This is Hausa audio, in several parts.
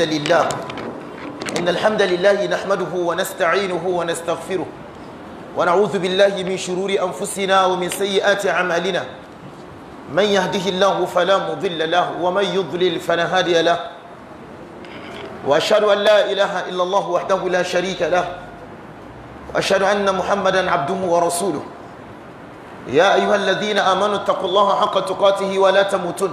الحمد لله إن الحمد لله نحمده ونستعينه ونستغفره ونعوذ بالله من شرور أنفسنا ومن سيئات أعمالنا من يهده الله فلا مضل له ومن يضلل فلا هادي له وأشهد أن لا إله إلا الله وحده لا شريك له وأشهد أن محمدا عبده ورسوله يا أيها الذين آمنوا اتقوا الله حق تقاته ولا تموتن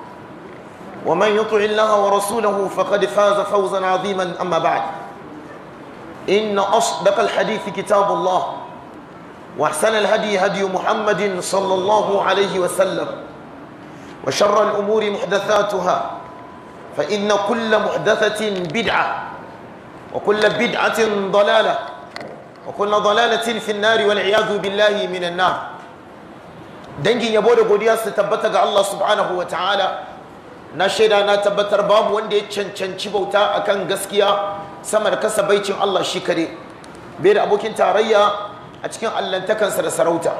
ومن يطع الله ورسوله فقد فاز فوزا عظيما أما بعد إن أصدق الحديث كتاب الله وأحسن الهدي هدي محمد صلى الله عليه وسلم وشر الأمور محدثاتها فإن كل محدثة بدعة وكل بدعة ضلالة وكل ضلالة في النار والعياذ بالله من النار دنجي yabo da godiya الله سبحانه وتعالى na shaida na tabbatar babu wanda ya cancanci bauta akan gaskiya sama da kasa baicin Allah shi kare bai da abokin tarayya a cikin allantakansa da sarauta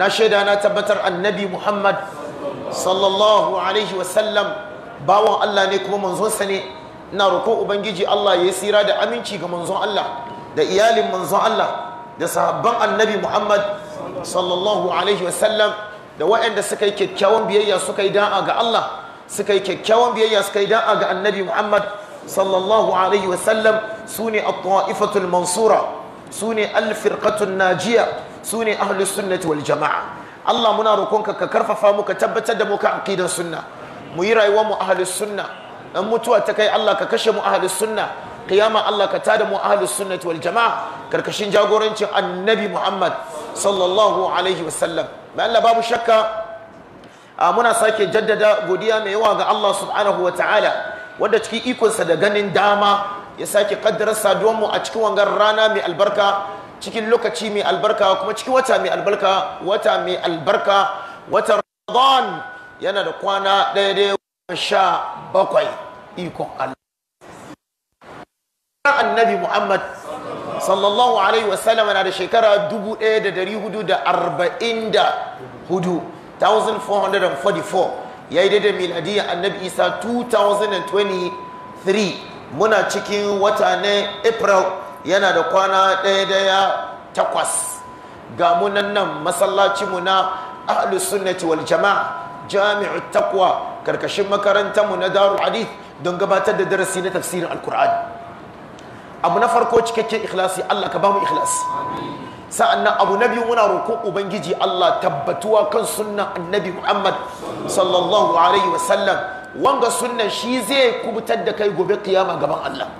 na shaida na tabbatar annabi Muhammad sallallahu alaihi wasallam bawan Allah ne kuma manzonsa ne na roƙo ubangiji Allah ya yi tsira da aminci ga manzon Allah da iyalin manzon Allah da sahabban annabi Muhammad sallallahu alaihi wasallam da waɗanda suka yi kyakkyawan biyayya suka yi da'a ga Allah suka yi kyakkyawan biyayya suka yi a ga annabi Muhammad sallallahu alaihi wasallam su ne at-ta'ifatul mansura su ne al najiya su ne ahli sunnati wal jama'a Allah muna roƙonka ka karfafa mu ka tabbatar da mu ka aqidan sunna mu yi rayuwar mu ahli sunna dan mutuwa ta kai Allah ka kashe mu ahli sunna kiyama Allah ka tada mu ahli sunnati wal jama'a karkashin jagorancin annabi Muhammad sallallahu alaihi wasallam ba Allah babu shakka Ah, muna sake jaddada godiya mai yawa ga Allah subhanahu wa ta'ala wanda cikin ikonsa da ganin dama ya sake kaddarar saduwanmu a cikin wangar rana mai albarka cikin lokaci mai albarka kuma cikin wata mai albarka wata mai albarka wata ramadan yana da kwana daidai sha bakwai ikon Allah annabi Muhammad sallallahu alaihi wasallam na da shekara hudu. 1444 ya yi daidai miladiyyar annabi isa 2023 muna cikin wata na april yana da kwana ɗaya daya takwas ga munan nan masallacinmu na ahlus sunnati wal jama'a jami'u takwa karkashin makarantarmu na daru hadith don gabatar da darasi na tafsirin alkur'ani abu na farko cikakken ikhlasi allah ka ba mu ikhlasi sa'annan abu na biyu muna roƙon ubangiji Allah tabbatuwa kan sunnan annabi Muhammad sallallahu alaihi wasallam wanga sunnan shi zai kubutar da kai gobe kiyama gaban Allah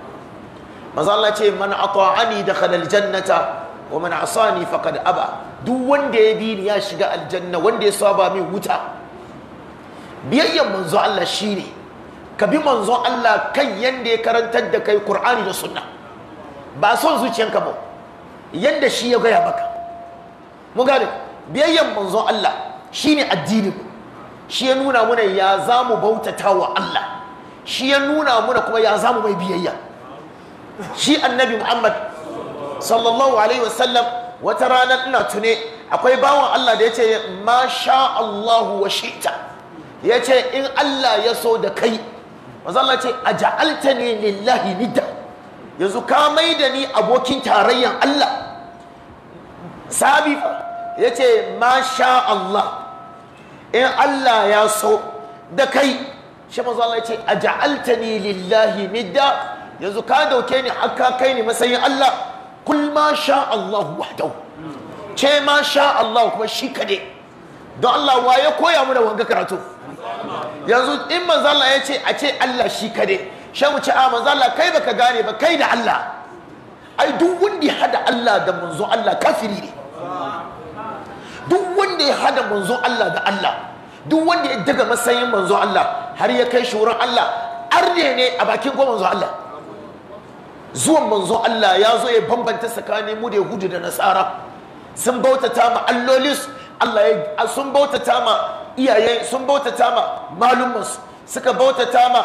maza Allah ce man ata'ani dakhala aljannata wa man asani faqad aba duk wanda ya bi ni ya shiga aljanna wanda ya saba min wuta biyayyan manzo Allah shine ka bi manzo Allah kan yanda ya karantar da kai Qur'ani da sunna ba son zuciyanka ba yadda shi ya gaya maka mun gane biyayyan manzon Allah shine addinin shi ya nuna muna ya za mu bautata wa Allah shi ya nuna muna kuma ya za mu mai biyayya shi annabi Muhammad sallallahu alaihi wasallam wata rana ina tune akwai bawan Allah da ya ce ma sha Allahu wa shi'ta ya ce in Allah ya so da kai manzon Allah ce aja'altani lillahi nidda yanzu ka mai da ni abokin tarayyan Allah sabi ya ce masha Allah in Allah ya so da kai shi mazu Allah ya ce a ni lillahi midda yanzu ka dauke ni aka kai ni masayin Allah kul ma sha Allah wahdau ce ma sha Allah kuma shi kade don Allah wa ya koya mana wanga karatu yanzu in mazu Allah ya ce a ce Allah shi kade sha ce a manzo Allah kai baka gane ba kai da Allah ai duk wanda ya hada Allah da manzo Allah kafiri ne duk wanda ya hada manzo Allah da Allah duk wanda ya daga matsayin manzo Allah har ya kai shuran Allah arne ne a bakin ko manzo Allah zuwan manzo Allah ya zo ya bambanta tsakanin mu da Yahudu da Nasara sun bautata ma allolis Allah ya sun bautata ma iyayen sun bautata ma malumansu suka bauta bautata ma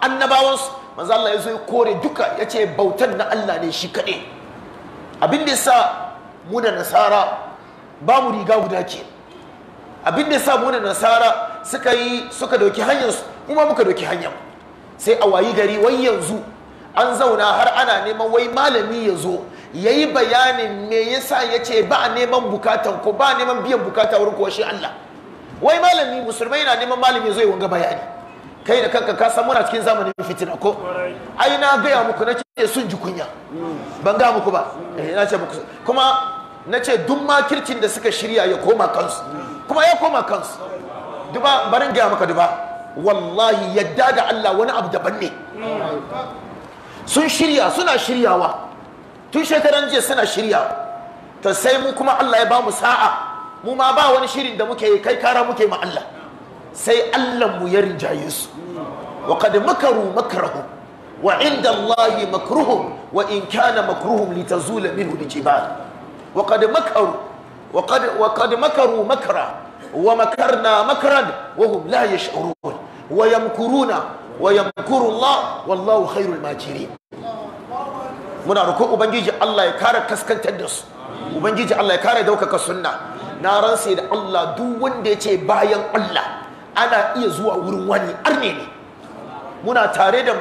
annabawansu manzo Allah ya zo ya kore duka ya ce bautar na Allah ne shi kaɗai abin da sa mu da nasara ba mu riga guda ke abin da sa mu da nasara suka yi suka doki hanyarsu kuma muka doki hanyar sai a wayi gari wai yanzu an zauna har ana neman wai malami ya zo ya yi bayanin me yasa ya ce ba neman bukatan ko ba neman biyan bukata wurin kuwa shi Allah wai malami musulmai na neman malami zai wanga bayani kai da kanka kasan muna cikin zamanin fitina ko ai na gaya muku na ce sun ji kunya ban ga muku ba eh, na ce muku kuma na ce duk makircin da suka shirya ya koma kansu kuma ya koma kansu duba barin gaya maka duba wallahi yadda da Allah wani abu daban ne sun shirya suna shiryawa tun shekaran jiya suna shirya. Ta sai mu kuma Allah ya ba mu sa'a mu ma ba wani shirin da muke yi kai kara muke ma Allah sai Allah mu ya rinjaye su wa qad makaru makrahum wa inda Allah makruhum wa in kana makruhum litazula minhu aljibal wa qad makaru wa qad wa qad makaru makra wa makarna makran wa hum la yash'urun wa yamkuruna wa yamkuru Allah wallahu khairul makirin muna roƙon ubangiji Allah ya kare kaskantar da su ubangiji Allah ya kare daukaka sunna na ransa da Allah duk wanda ya ce bayan Allah ana iya zuwa wurin wani arne ne muna tare da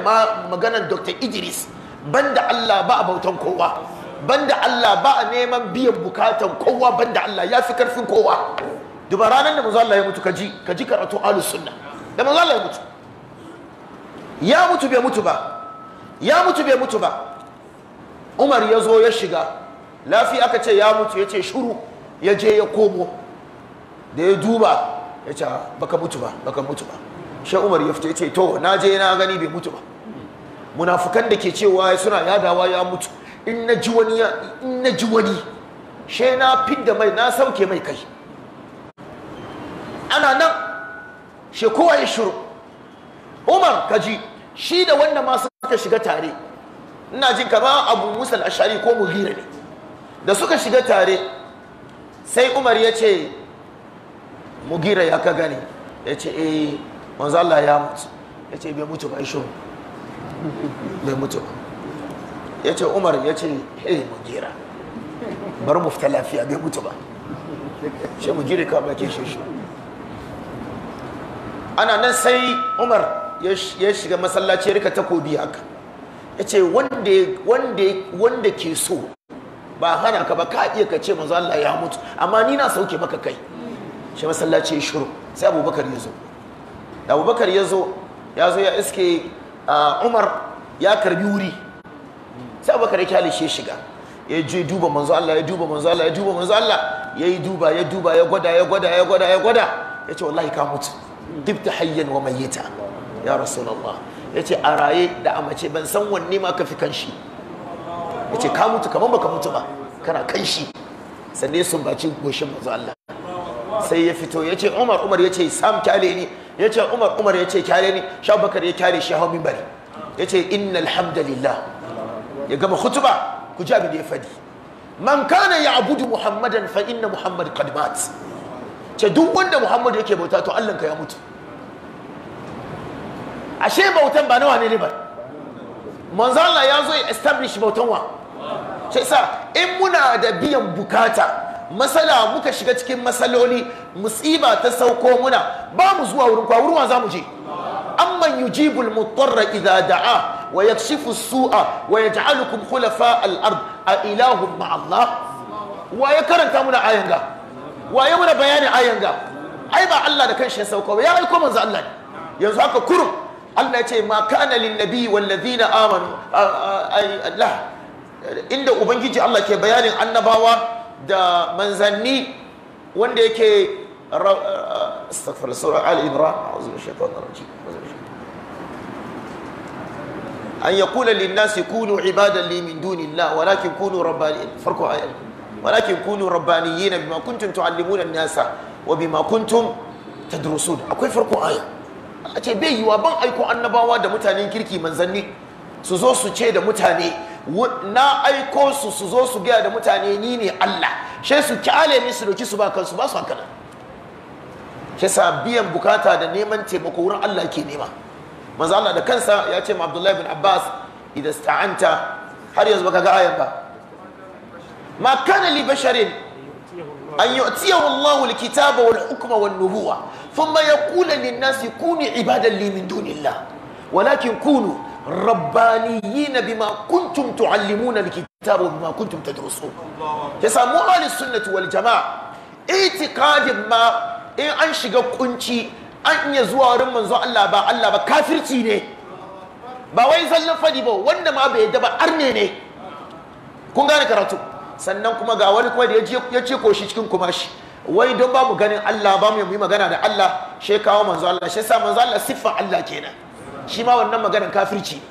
maganar Dr. Idris banda Allah ba a bautan kowa banda Allah ba a neman biyan bukatan kowa banda Allah ya fi karfin kowa duba ranar da manzo Allah ya mutu kaji kaji karatu ahlus sunna da manzo Allah ya mutu ya mutu bai mutu ba ya mutu bai mutu ba Umar ya zo ya shiga lafi aka ce ya mutu ya ce shuru ya je ya komo da ya duba ya ce ah, baka mutu ba baka mutu ba shi umar ya fita ya ce to na je na gani bai mutu ba munafukan da ke cewa suna yadawa ya mutu in na ji wani in na ji wani she na fidda mai na sauke mai kai ana nan shi kowa ya shiru umar kaji shi da wanda ma suka shiga tare ina jin kama abu musa ashari ko hira ne da suka shiga tare sai umar ya ce mugira ya ka gani ya ce eh manzo Allah ya mutu ya ce bai mutu ba isho bai mutu ba ya ce umar ya ce e mugira bar mu fita lafiya bai mutu ba shi mugira ka bakin shi shi ana nan sai umar ya shiga masallaci ya rika takobi haka ya ce wanda ke so ba hana ka ba ka iya ka ce manzo Allah ya mutu amma ni na sauke maka kai shi masallaci ya shiru sai abubakar ya zo da abubakar ya zo ya zo ya iske umar ya karbi wuri sai abubakar ya kyale shi shiga ya je duba manzo Allah ya duba manzo Allah ya duba manzo Allah ya yi duba ya duba ya gwada ya gwada ya gwada ya gwada ya ce wallahi ka mutu dibta hayyan wa mayyita ya rasulullah ya ce a raye da amace ban san wanne ma ka fi kan shi ya ce ka mutu kamar baka mutu ba kana kan shi sannan sun sumbaci goshin manzo Allah sai ya fito ya ce Umar Umar ya ce Sam kyale ni ya ce Umar Umar ya ce kyale ni Sha Bakar ya kyale shi hawo minbari ya ce innal hamdalillah ya gama hutuba ku ji abin da ya fadi man kana abudu muhammadan fa inna muhammad qad mat ce duk wanda muhammad yake bauta to Allah ka ya mutu ashe bautan ba nawa ne ne ba manzo Allah ya zo ya establish bautan wa shi yasa in muna da biyan bukata masala muka shiga cikin masaloli musiba ta sauko muna ba mu zuwa wurin kwa wurin za mu je amman yujibul mutarra idza da'a wa yakshifu su'a wa yaj'alukum khulafa al-ard a ilahum ma Allah wa ya karanta muna ayan ga wa ya muna bayani ayan ga ai ba Allah da kanshi ya sauko ba ya aiko manzo Allah yanzu haka kurum Allah ya ce ma kana lin nabi wal ladina amanu Allah inda ubangiji Allah ke bayanin annabawa da manzanni wanda yake uh, an ya kula linnasi kunu ibadan li min duni Allah walakin kunu rabbani farko ayat walakin kunu rabbani yina bima kuntum tuallimuna nasa wa bima kuntum tadrusun akwai farko ayat a ce bai yiwa ban aiko annabawa da mutanen kirki manzanni su zo su ce da mutane na aiko su su zo su gaya da mutane ni ne Allah shi su kyale ni su doki su ba kansu ba su haka shi sa biyan bukata da neman taimako wurin Allah ke nema manzo Allah da kansa ya ce ma Abdullahi bin Abbas idan sta'anta har yanzu baka ga ayan ba ma kana li basharin an yu'tiyahu Allah al-kitaba wal hukma wan nubuwa thumma yaqulu lin-nasi kunu ibadan li min dunillah walakin kunu rabbaniyina bima kuntum tuallimuna alkitab wa bima kuntum tadrusun ya samu ahli sunnati wal jamaa itikadin ma in an shiga kunci an iya zuwa wurin manzo Allah ba Allah ba kafirci ne ba wai zallan fadi ba wanda ma bai yadda ba arne ne kun gane karatu sannan kuma ga wani kuma da ya ce ko shi cikin kumashi wai don ba mu ganin Allah ba mu yi magana da Allah shekawa manzo Allah shi sa manzo Allah siffa Allah kenan shi ma wannan maganar kafirci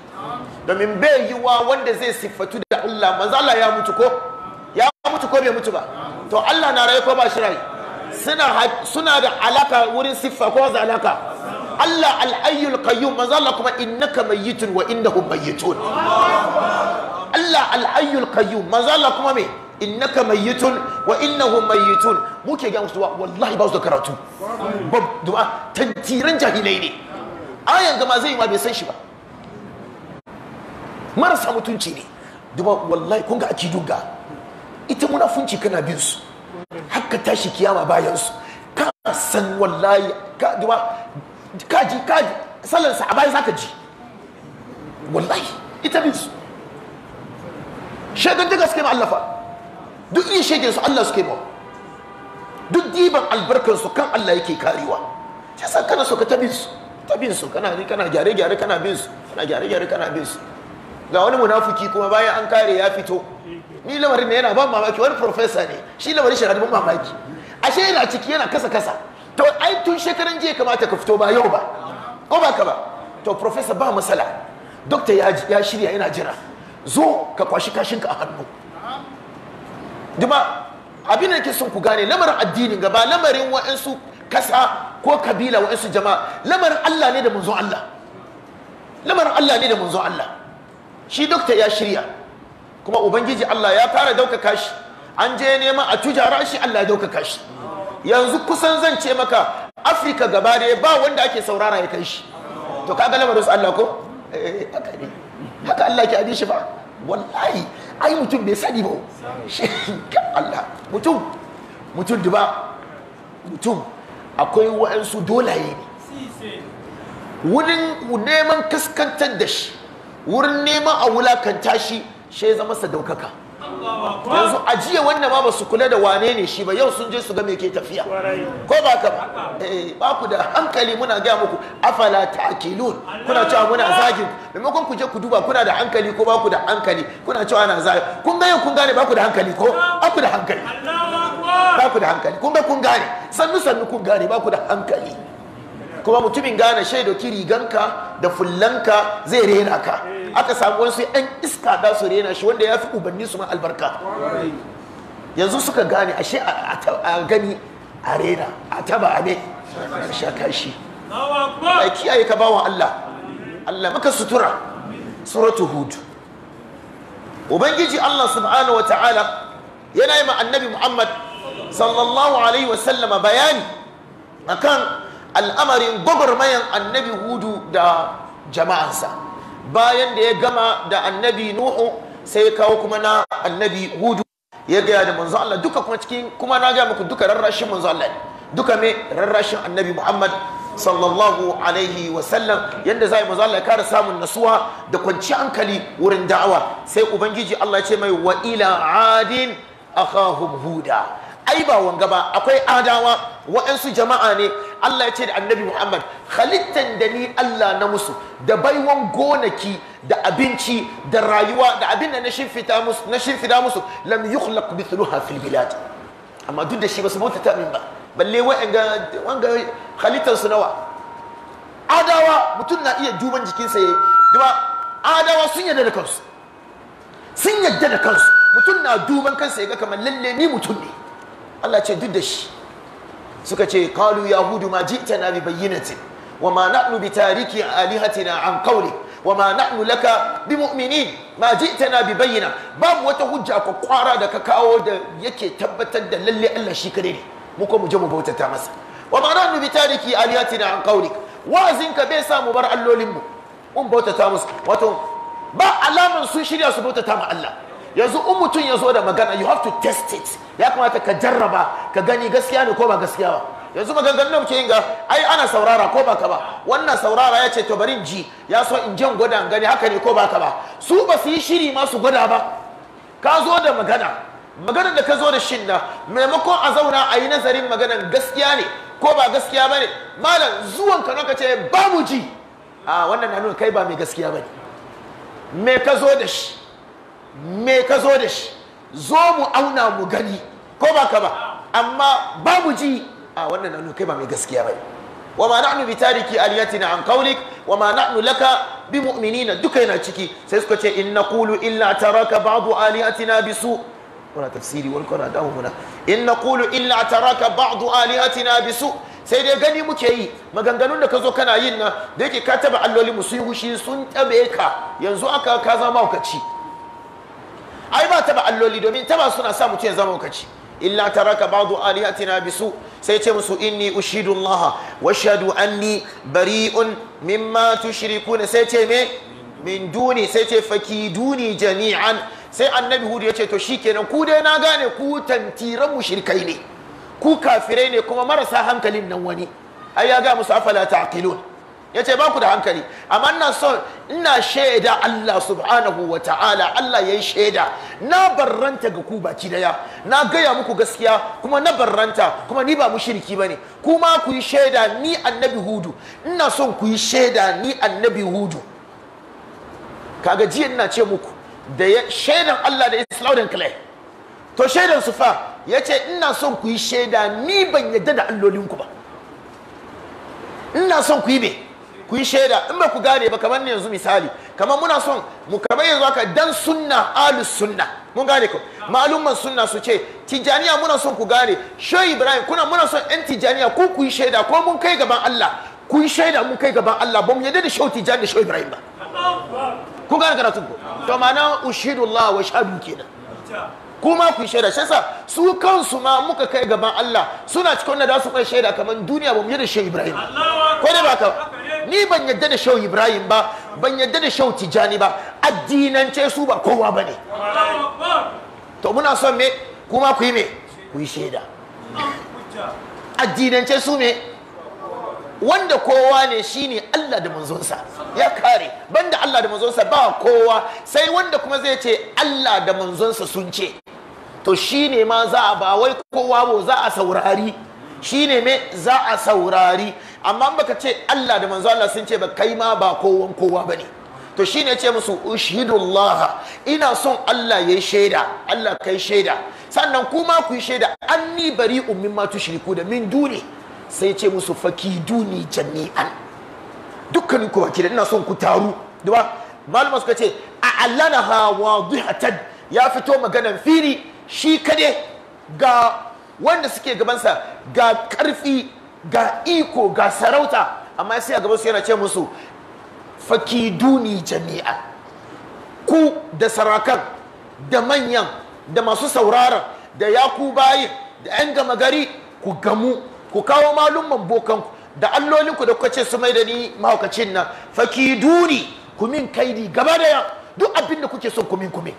domin bai yi wa wanda zai siffatu da Allah manzo Allah ya mutu ko ya mutu ko bai mutu ba to Allah na raye ko ba shi raye suna suna da alaka wurin siffa ko za alaka Allah al-ayyul qayyum manzo Allah kuma innaka mayyitun wa innahum mayyitun Allah al-ayyul qayyum manzo Allah kuma me innaka mayyitun wa innahum mayyitun muke ga musu wallahi ba su da karatu ba du'a tantiran jahilai ne ayan gama zai yi ma bai san shi ba marasa mutunci ne duba wallahi kun ga ake ga ita munafunci kana bin su haka tashi kiyama bayan su ka san wallahi ka duba ka ji ka ji sallansa a bayan zaka ji wallahi ita bin su shagan daga suke ma Allah fa duk iya shegen su Allah suke ma duk diban albarkansu kan Allah yake karewa sai san kana so ka tabi su ta bin su kana kana gyare gyare kana bin su kana gyare gyare kana bin su ga wani munafuki kuma bayan an kare ya fito ni lamarin ne yana ban mamaki wani profesa ne shi lamarin shi ban mamaki ashe yana ciki yana kasa kasa to ai tun shekaran jiya kamata ka fito ba yau ba ko ba ka ba to profesa ba masala dokta ya ya shirya yana jira zo ka kwashi ka a hannu jama'a abin da ke son ku gane lamarin addinin gaba lamarin wa'ansu kasa ko kabila wa isu jama'a lamarin Allah ne da munzon Allah lamarin Allah ne da munzon Allah shi dokta ya shirya kuma ubangiji Allah ya fara daukaka shi an je nema a tujara shi Allah ya daukaka shi yanzu kusan zan ce maka Afrika gaba da ba wanda ake saurara ya kai shi to kaga lamarin su Allah ko eh, eh, eh, haka ne haka Allah ke adi shi ba wallahi ai mutum bai sani ba shi Allah mutum mutum duba mutum akwai wa'ansu dolaye ne wurin neman kaskantar da shi wurin neman a wulakanta shi shi ya zama sadaukaka yanzu ajiye wannan ma ba su kula da wane ne shi ba yau sun je su ga mai ke tafiya ko ba ka ba eh, ba ku da hankali muna gaya muku afala ta'qilun kuna cewa muna zagin maimakon ku je ku duba kuna da hankali ko ba ku da hankali kuna cewa ana zagi kun gaya yau kun gane ba ku da hankali ko ba ku da hankali ba ku da hankali kun ga kun gane sannu sannu kun gane ba ku da hankali kuma mutumin gane shaido ki riganka da fullanka zai rena ka aka samu wasu yan iska da su rena shi wanda ya fi ubanni su ma albarka yanzu suka gane ashe a gani a rena a taba a ne a sha kashi a kiyaye ka bawan Allah Allah maka sutura suratu hud ubangiji Allah subhanahu wa ta'ala yana yi ma annabi Muhammad sallallahu alaihi wasallama bayani akan al'amarin gwagwarmayan annabi hudu da jama'ansa bayan da ya gama da annabi nuhu sai ya kawo kuma na annabi hudu ya gaya da manzo duka kuma cikin kuma na gaya muku duka rarrashin manzo Allah duka me rarrashin annabi Muhammad sallallahu alaihi wasallam yadda za a ya kara samun nasuwa da kwanci hankali wurin da'awa sai ubangiji Allah ce mai wa ila adin huda ai ba wanga ba akwai adawa waɗansu jama'a ne Allah ya ce da annabi Muhammad halittan da ni Allah na musu da baiwan gonaki da abinci da rayuwa da abin da na shimfida musu na shimfida musu lam yukhlaq mithluha fil bilad amma duk da shi ba su bauta ta min ba balle wa'anga wanga halittan su nawa adawa mutum na iya duban jikinsa ya yi adawa sun yadda da kansu sun yadda da kansu mutum na duban kansa ya ga kamar lalle ni mutum ne Allah ce duk da shi suka ce Kalu yahudu ma na bi bayyinatin wa ma na'nu bi tariki alihatina an qawli wa ma na'nu laka bi mu'minin ma na bi bayyina babu wata hujja ko kwara da ka kawo da yake tabbatar da lalle Allah shi kadai ne mu ko mu je mu bautata masa wa ma na'nu bi tariki alihatina an qawli wazin ka bai samu bar allolin mu mun bautata musu wato ba alaman sun shirya su bautata ma Allah yanzu in mutum ya zo da magana you have to test it ya kamata ka jarraba ka gani gaskiya ne ko ba gaskiya ba yanzu maganganun da muke yin ga ai ana saurara ko baka ba wannan saurara ya ce to bari ji ya so in jan gwada gani haka ne ko baka ba su ba su yi shiri ma su gwada ba ka zo da magana magana da ka zo da shin na maimakon a zauna a yi nazarin maganan gaskiya ne ko ba gaskiya ba ne malam zuwan ka naka ce babu ji a wannan na nuna kai ba mai gaskiya ba ne me ka zo da shi me ka zo da shi zo mu auna mu gani ko ba ka ba amma ba mu ji a wannan na kai ba mai gaskiya bai wa ma na'nu bi tariki aliyatina an qawlik wa ma na'nu laka bi mu'minina duka yana ciki sai suka ce in naqulu illa taraka ba'du aliyatina bisu wala tafsiri wal qara da huna in naqulu illa taraka ba'du aliyatina bisu sai dai gani muke yi maganganun da ka zo kana yin na da yake ka taba alloli musu yi sun tabe ka yanzu aka ka zama ci ai ba taba alloli domin ta taba suna sa mutum ya zama lokaci illa taraka ba'du alihatina bisu sai ce musu inni ushidu Allah wa ashhadu anni bari'un mimma tushrikun sai ce me min duni sai ce fakiduni jami'an sai annabi hudu ya ce to shi kenan ku dai na gane ku tantiran mushrikai ne ku kafirai ne kuma marasa hankalin nan wani ai ya ga musu afala ta'qilun ya ce ba ku da hankali amma ina so ina shaida Allah subhanahu wa ta'ala Allah ya yi shaida na barranta ga ku baki daya na gaya muku gaskiya kuma na barranta kuma ni ba mushriki bane kuma ku yi shaida ni annabi hudu ina son ku yi shaida ni annabi hudu kaga jiya ina ce muku da shaidan Allah da Islaudin Clay to shaidan su fa yace ina son ku yi shaida ni ban yadda da allolin ku ba ina son ku yi bai ku shaida in ba ku gane ba kamar yanzu misali kamar muna son mu kamar yanzu aka dan sunna alus sunna mun gane ku malumman sunna su ce tijaniya muna son ku gane shoyi ibrahim kuna muna son yan tijaniya ko ku yi shaida ko mun kai gaban allah ku yi shaida mun kai gaban allah ba mu yadda da shau tijani da shau ibrahim ba Ku gane karatun ku to ma'ana ushidullah wa shahadu kenan kuma ku shaida shi yasa su kansu ma muka kai gaban Allah suna cikin wanda za su kai shaida kamar duniya ba mu yadda Shehu Ibrahim ko dai ba ka ni ban yadda da Shehu Ibrahim ba ban yadda da Shehu Tijani ba addinance su ba kowa bane to muna son me kuma ku yi me ku yi shaida addinance su me wanda kowa ne shine Allah da manzonsa ya kare banda Allah da manzonsa ba kowa sai wanda kuma zai ce Allah da manzonsa sun ce to shine ma za a ba wai kowa bo za a saurari shine me za a saurari amma baka ce Allah da manzo Allah sun ce ba kai ma ba kowan kowa ba ne. to shine ce musu ushidullah ina son Allah ya yayi shaida Allah kai shaida sannan kuma ku yi shaida anni bari ummin ma shirku da min duni sai ce musu faki fakiduni jami'an dukkan ku wakilai ina son ku taru duba malama suka ce a allana ha wadihatan ya fito maganan fili shi kade ga wanda suke gabansa ga karfi ga iko ga sarauta amma sai a gabansu yana ce musu fakiduni jami'a ku da sarakan da manyan da masu sauraron da yaku bayin da 'yan gama gari ku gamu ku kawo malumman bokanku da allolinku da kuka ce su mai da ni mahaukacin nan fakiduni kumin kaidi gaba da duk abinda kuke son kumin kumin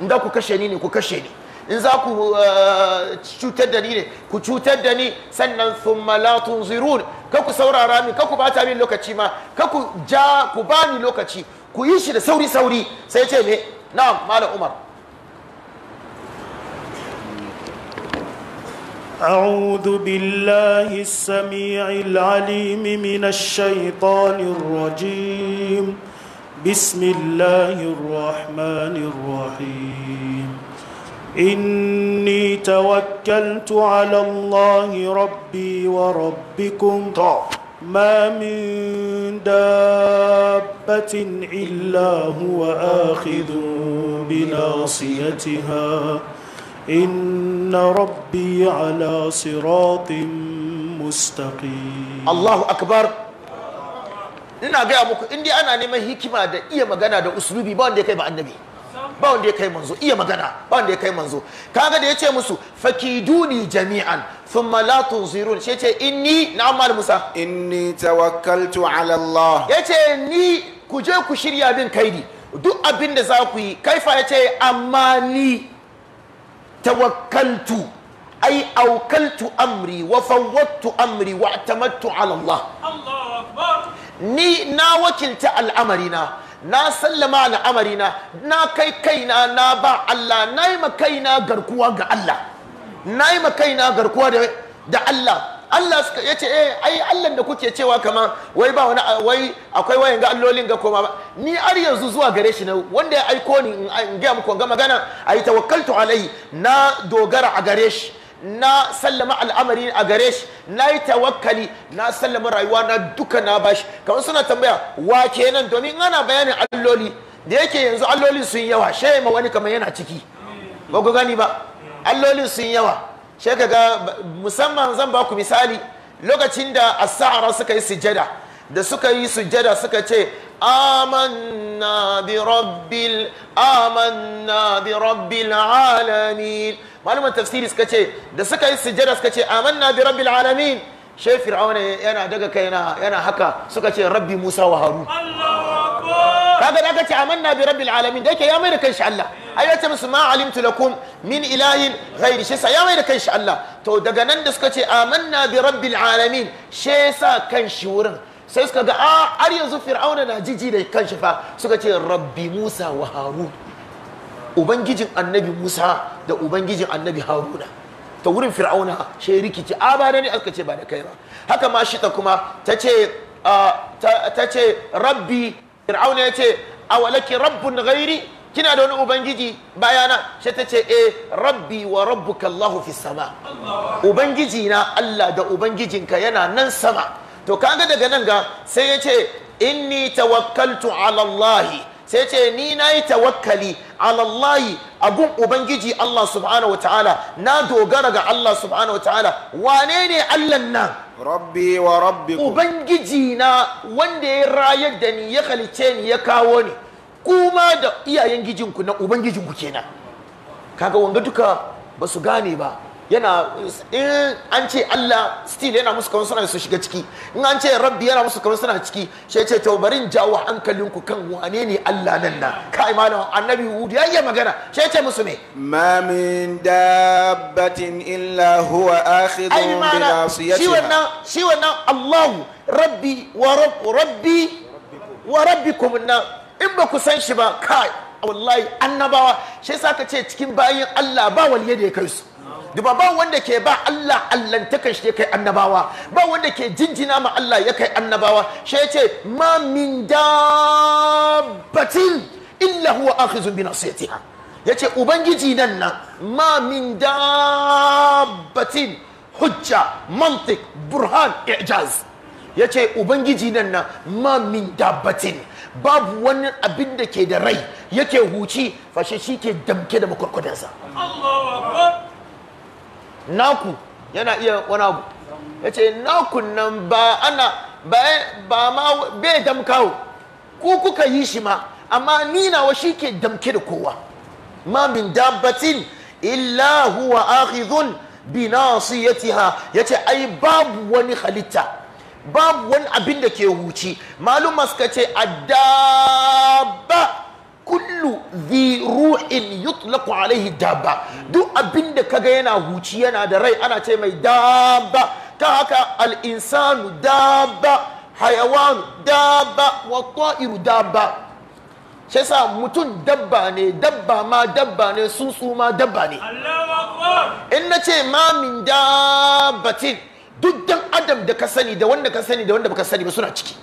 in za ku kashe ni ne ku kashe ni in za ku uh, cutar da ni ne ku cutar da ni sannan thumma la zirun ka ku saurara min ka ku bata min lokaci ma ka ku ja ku ba ni lokaci ku yi shi da sauri sauri sai ce me na malam umar أعوذ بالله السميع العليم من الشيطان الرجيم بسم الله الرحمن الرحيم إني توكلت على الله ربي وربكم ما من دابة إلا هو آخذ بناصيتها إن ربي على صراط مستقيم الله أكبر ina gaya muku indai ana neman hikima da iya magana da usulubi ba wanda ya kai ba annabi ba wanda ya kai manzo iya magana ba wanda ya kai manzo kaga da yace musu fakiduni jami'an thumma la tunzirun shi yace inni na'amal musa inni tawakkaltu ala allah yace ni ku je ku shirya bin kaidi duk abin da za ku yi kaifa yace amma ni tawakkaltu ai aukaltu amri wa fawwadtu amri wa atamattu ala allah ni na wakilta al'amarina na sallama al'amarina na kai kaina na ba Allah na yi kaina garkuwa ga Allah na yi kaina garkuwa da Allah Allah ya ce eh ai Allah da kuke cewa kama wai ba wani wai akwai wayan ga allolin ga koma ba ni har yanzu zuwa gare shi na wanda ya aiko ni in ga muku ga magana ai tawakkaltu alai na dogara a gare shi na sallama al'amari a gare shi na yi tawakkali na sallama rayuwa na duka na bashi kamar suna tambaya wa kenan domin ana bayanin alloli da yake yanzu alloli sun yawa shaye ma wani kamar yana ciki ba ku gani ba allolin sun yawa shekaga musamman zan ba ku misali lokacin da a sa'ara suka yi sujada da suka yi sujjada suka ce amanna bi rabbil amanna bi rabbil alamin malaman tafsiri suka ce da suka yi sujjada suka ce amanna bi rabbil alamin shai fir'auna yana daga kai yana haka suka ce rabbi musa wa harun kaga da aka ce amanna bi rabbil alamin da yake ya mai da kanshi Allah ai yace ce musu ma alimtu lakum min ilahin ghairi shi sa ya mai da kanshi Allah to daga nan da suka ce amanna bi rabbil alamin shi sa kanshi wurin sai suka ga a ah, har yanzu fir'auna na jiji da kan fa suka ce rabbi musa wa harun ubangijin annabi musa da ubangijin annabi haruna ta wurin fir'auna shi rikici a ah, ba ne aka ce ba da kai ba haka ma shi ta kuma ah, ta ce rabbi fir'auna ya ce a walaki rabbun gairi kina da wani ubangiji bayana shi ta ce eh rabbi wa rabbuka Allahu fi sama ubangiji na Allah da ubangijinka yana nan sama to kaga daga nan ga sai ya ce inni tawakkaltu ala Allah sai ce ni na yi tawakkali alallahi a gun ubangiji Allah subhanahu wa ta'ala na dogara ga Allah subhanahu wa ta'ala wane ne Allah nan rabbi wa rabbi ubangiji na wanda ya rayar da ni ya halice ni ya kawo ni kuma da iyayen gijinku na ubangijinku kenan kaga wanga duka ba su gane ba yana in eh, an ce Allah still yana musu kamar suna su shiga ciki in an ce rabbi yana musu kamar suna ciki shi ce to bari in jawo hankalinku kan wane ne Allah nan na kai malam annabi Hud ya yi magana shi ce musu me ma min dabbatin illa huwa akhidun bi nasiyatiha shi wannan shi wannan Allahu rabbi wa rabbi wa rabbikum na in ba ku san shi ba kai wallahi annabawa shi yasa ka ce cikin bayin Allah ba waliye da ya kai su duba ba wanda ke ba Allah allantakan shi kai annabawa ba wanda ke jinjina ma Allah ya kai annabawa shi ya ce ma min dabbatin illa huwa akhizun bi nasiyatiha yace ubangiji nan nan ma min dabbatin hujja mantiq burhan ijaz yace ubangiji nan nan ma min dabbatin babu wani abin da ke da rai yake huci fashe shi ke damke da makwarkwadansa naku yana iya wani abu ya ce nakun nan ba ana ba ma bai damkawo ku kuka yi shi ma amma ninawa shi ke damke da kowa ma min dabbatin illa huwa akhidhun bi nasiyatiha yace ai babu wani halitta babu wani abin da ke huci maluma suka ce kullu zi ru'in yutlaku alaihi daba duk abin da kaga yana huci yana da rai ana ce mai daba ta haka al daba hayawan daba wa ta'iru daba shi sa mutum dabba ne dabba ma dabba ne tsuntsu ma dabba ne in na ce ma min dabbatin duk dan adam da ka sani da wanda ka sani da wanda baka sani ba suna ciki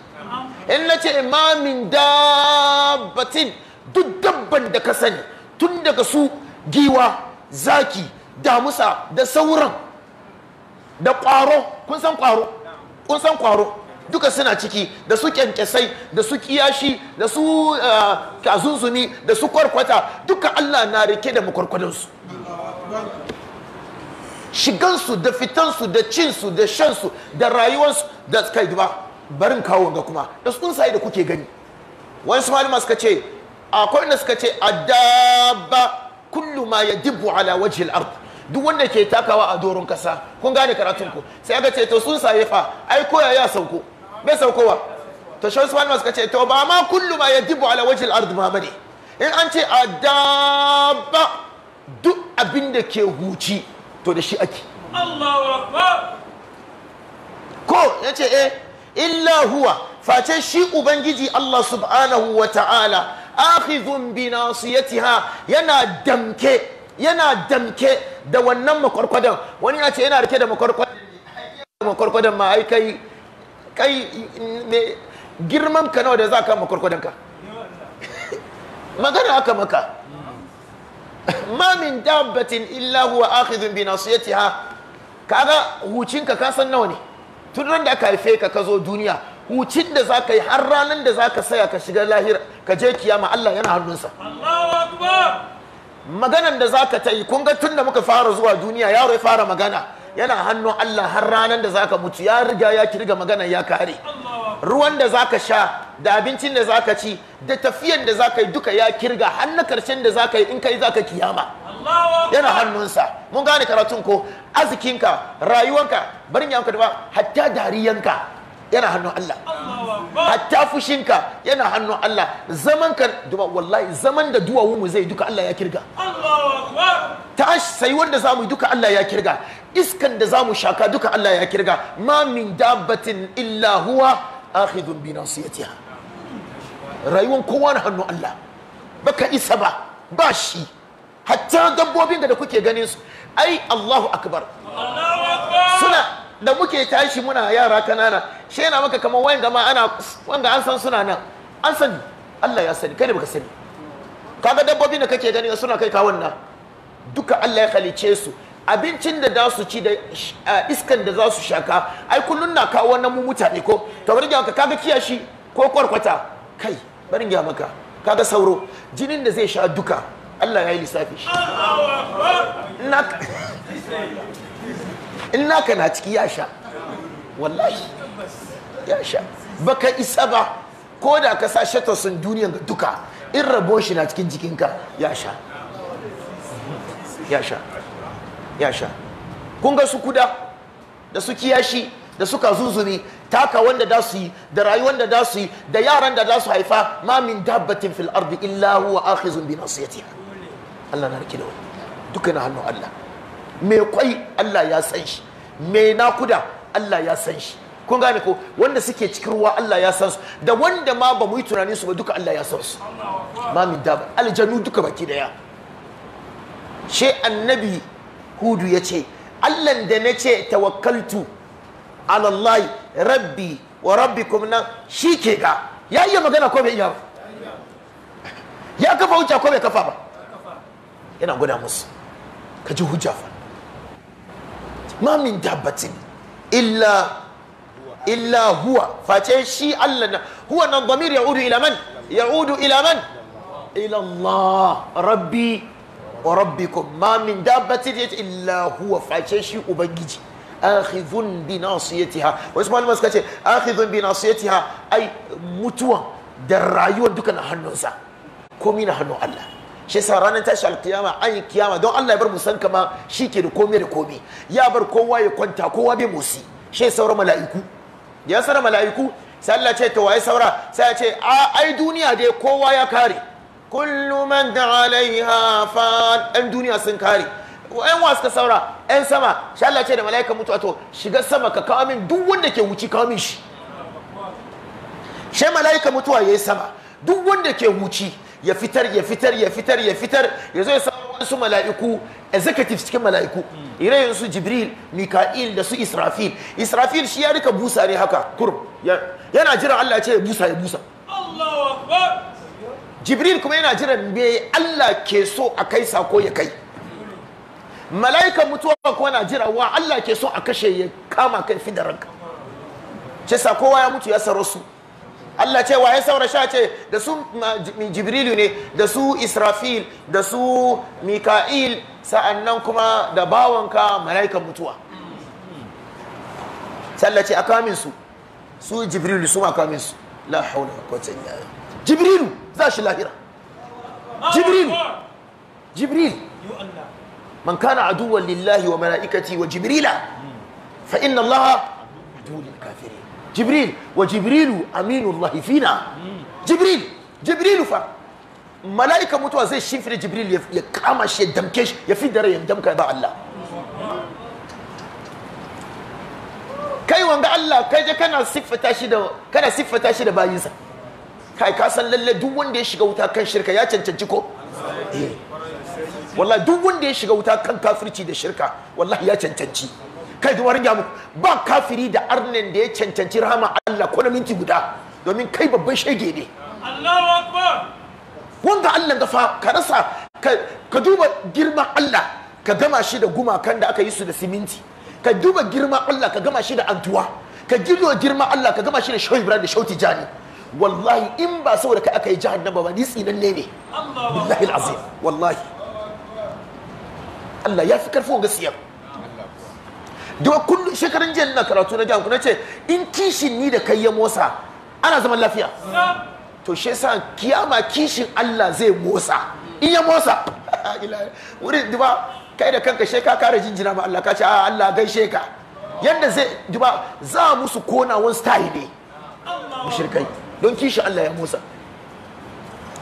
in na ce ma min dabbatin duk dabban da ka sani tun daga su giwa zaki damusa da sauran da kwaro kun san kwaro kun san kwaro duka suna ciki da su kyankyasai da su kiyashi da su kazunzumi eh, da su kwarkwata duka Allah na rike da makwarkwadansu shigansu da fitansu da cinsu da shansu da rayuwarsu da kai ba barin kawo ga kuma da tsuntsaye da kuke gani wani su malama suka ce akwai wanda suka ce adaba kullu ma dibu ala wajhil ard duk wanda ke takawa a doron kasa kun gane karatun ku sai aka ce to sun saye fa ai koya ya sauko bai saukowa to shi wasu wani suka ce to ba ma kullu ma dibu ala wajhil ard ma bane in an ce adaba duk abin da ke huci to da shi ake ko ya ce eh illa huwa face shi ubangiji Allah subhanahu wa ta'ala akhidhun bi nasiyatiha yana damke yana damke da wannan makwarkwadan wani ya ce yana rike da makwarkwadan makwarkwadan ma ai kai kai me girman ka nawa da za ka makwarkwadan ka magana aka maka ma min dabbatin illa huwa akhidhun bi nasiyatiha kaga hucinka ka san nawa ne tun ran da aka haife ka ka zo duniya hucin da za ka yi har ranar da za ka saya ka shiga lahira ka je kiyama Allah yana hannunsa maganan da za ka ta yi kun ga tun da muka fara zuwa duniya yaro ya fara magana yana hannun Allah har ranar da za ka mutu ya riga ya kirga magana ya kare ruwan da za ka sha da abincin da za ka ci da tafiyan da za ka yi duka ya kirga har na karshen da za ka yi in kai za ka kiyama yana hannunsa mun gane karatun ko azikinka, rayuwanka barin yanka da ba hatta dariyanka yana hannun Allah hatta fushinka yana hannun Allah zaman ka duba wallahi zaman da duwawu mu zai duka Allah ya kirga ta sai da zamu duka Allah ya kirga iskan da zamu shaka duka Allah ya kirga ma min dabbatin illa huwa akhidun bi nasiyatiha rayuwar kowa na hannun Allah baka isa ba ba shi hatta dabbobin da kuke ganin su ai Allahu akbar Allah da muke tashi muna yara kanana shi yana maka kamar wayan gama ana wanda an san suna nan an sani Allah ya sani kai da baka sani kaga dabbobi da kake gani suna kai kawon nan duka Allah ya halice su abincin da za su ci da iskan da za su shaka ai kullun na kawo wannan mu mutane ko to bari ka kaga kiyashi ko kwarkwata kai bari ga maka kaga sauro jinin da zai sha duka Allah ya yi lissafi shi in naka na ciki ya sha wallahi ya sha baka isa ba ko da ka sa shatasun duniya ga duka in rabon shi na cikin jikinka ya sha ya sha ya sha kun ga su kuda da su kiyashi da suka zuzumi taka wanda da su yi da rayuwar da da su yi da yaran da da su haifa ma min dabbatin fil ardi illa huwa akhizun bi nasiyatiha Allah na rike da wani duka na hannun Allah mai kwai Allah ya san shi mai kuda Allah ya san shi kun gane ko wanda suke cikin ruwa Allah ya san su da wanda ma ba mu yi tunanin su ba duka Allah ya san su ma min daba aljanu duka baki daya she annabi hudu ya ce Allah da na ce tawakkaltu ala Allah rabbi wa rabbikum nan shi ke ga ya iya magana ko bai iya ba ya kafa hujja ko bai kafa ba yana gwada musu ka ji hujja fa ma min dabbatin illa illa huwa face shi Allah na huwa nan damir ya'udu ila man ya'udu ila man ila Allah rabbi wa rabbikum ma min dabbatin illa huwa face shi ubangiji akhidhun bi nasiyatiha wasu malama suka ce akhidhun bi nasiyatiha ai mutuwa da rayuwar duka na hannunsa komi na hannun Allah shi sa ranar tashi alkiyama an yi kiyama don Allah ya bar musan kama shi ke da komai da komai ya bar kowa ya kwanta kowa bai musi shi sauran mala'iku da ya saura mala'iku sai Allah ce to waye saura sai ya ce a ai duniya dai kowa ya kare kullu man da fa ɗan duniya sun kare yan wasu suka saura yan sama shi Allah ce da mala'ika mutuwa to shiga sama ka kawo min duk wanda ke wuci kawo min shi shi mala'ika mutuwa yayi sama duk wanda ke wuci ya fitar ya fitar ya fitar ya fitar ya zo ya samu wasu mala'iku executive cikin mala'iku irayen su jibril mika'il da su israfil israfil shi ya rika busa ne haka kurum yana jiran allah ya ce ya busa ya busa jibril kuma yana jiran me allah ke so a kai sako ya kai mala'ikan mutuwa kuma na jira wa allah ke so a kashe ya kama kai fi da ranka ce sako ya mutu ya su Allah ce waye saura sha ce da su jibrilu ne da su israfil da su mika'il sa'annan kuma da bawanka mala'ikan mutuwa sallah ce a kaminsu su su jibrilu su ma su la haula wa quwwata illa billah jibrilu za shi lahira jibrilu jibril man kana aduwwan lillahi wa mala'ikati wa jibrila fa inna allaha jibril wa jibrilu aminullahi fina jibril jibrilu fa mala'ika mutuwa zai shimfida jibril ya kama shi ya damke shi ya fi da rai ya damka ba Allah kai wanga Allah kai je kana siffata shi da kana siffata shi da bayinsa kai ka san lalle duk wanda ya shiga wuta kan shirka ya cancanci ko eh. wallahi duk wanda ya shiga wuta kan kafirci da shirka wallahi ya cancanci kai zuwa ringa muku ba kafiri da arnin da ya cancanci rahama Allah ko na minti guda domin kai babban shege ne Allahu akbar wanda Allah da fa ka rasa ka duba girman Allah ka gama shi da gumakan da aka yi su da siminti ka duba girman Allah ka gama shi da antuwa ka girma girman Allah ka gama shi da Shehu Ibrahim da Shehu Tijani wallahi in ba saboda kai aka yi jahannama ba ni tsinan ne billahi alazim wallahi Allah ya fi karfin gaskiya da kullum shekaran jiya na karatu na jami'a ce in kishin ni da kai ya motsa ana zaman lafiya to shi yasa kiyama kishin Allah zai motsa in ya motsa wurin duba kai da kanka she ka kare jinjina ma Allah ka ce Allah gaishe ka yanda zai duba za musu kona wani style ne mushrikai don kishin Allah ya motsa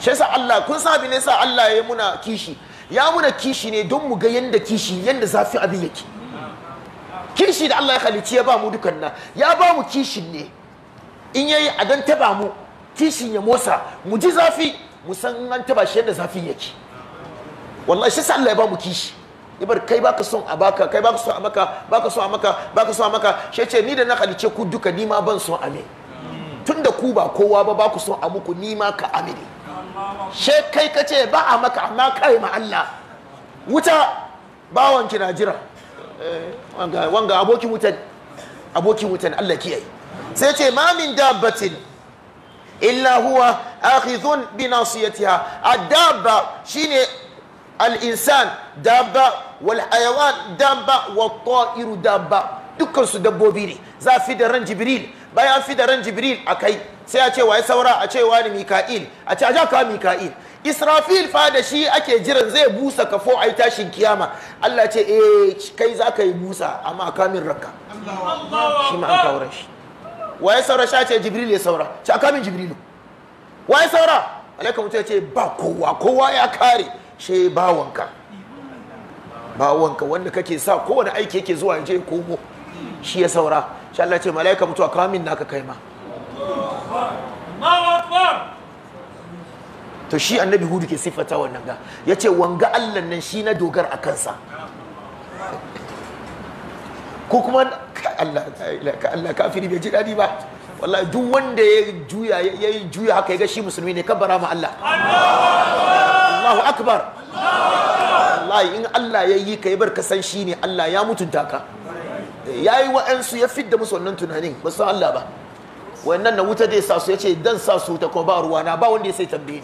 shi yasa Allah kun sabi ne sa Allah ya muna kishi ya muna kishi ne don mu ga yanda kishi yanda zafi abin yake kishi da Allah ya halici ya ba mu dukan ya ba mu kishin ne in yayi a dan taba mu kishin ya motsa mu ji zafi mu san an taba shi yadda zafin yake wallahi shi Allah ya ba mu kishi ibar kai baka son a baka kai baka son a maka baka son a maka baka son a maka shi ce ni da na halice ku duka ni ma ban son a me tunda ku ba kowa ba baku son a muku ni ma ka amini shi kai kace ba a maka amma kai ma Allah wuta bawanki na jira wanga abokin wutan abokin wutan Allah kiyaye sai ce ma min dabbatin illa huwa akhidhun bi nasiyatiha adaba shine al-insan dabba wal hayawan dabba wat ta'iru dabba dukkan su dabbobi ne za fi da ran jibril bayan fi da ran jibril akai sai a ce waye saura a ce wani mika'il a ce a ja ka mika'il israfil fa da shi ake jiran zai busa kafo a yi tashin kiyama Allah ce eh kai za ka yi Musa amma kamin rakka shi ma an kawo shi waye saura sha ce jibril ya saura ce kamin Jibril waye saura alaikum ta ce ba kowa kowa ya kare shi bawanka bawanka wanda kake sa kowane aiki yake zuwa ya je komo shi ya saura shi Allah ce malaika a kamin naka kai ma to shi annabi hudu ke siffata wannan ga ya ce wanga allah nan shi na dogar a kansa ko kuma allah kafiri bai ji daɗi ba wallahi duk wanda ya juya ya yi juya haka ya ga shi musulmi ne kabbara ma allah allahu akbar wallahi in allah ya yi ka yi bar kasan shi ne allah ya mutunta ka eh, ya yi wa'ansu ya fidda musu wannan tunanin ba su allah ba wannan na wuta zai sa su ya ce dan sa su ta kuma ba na ba wanda ya sai tambaye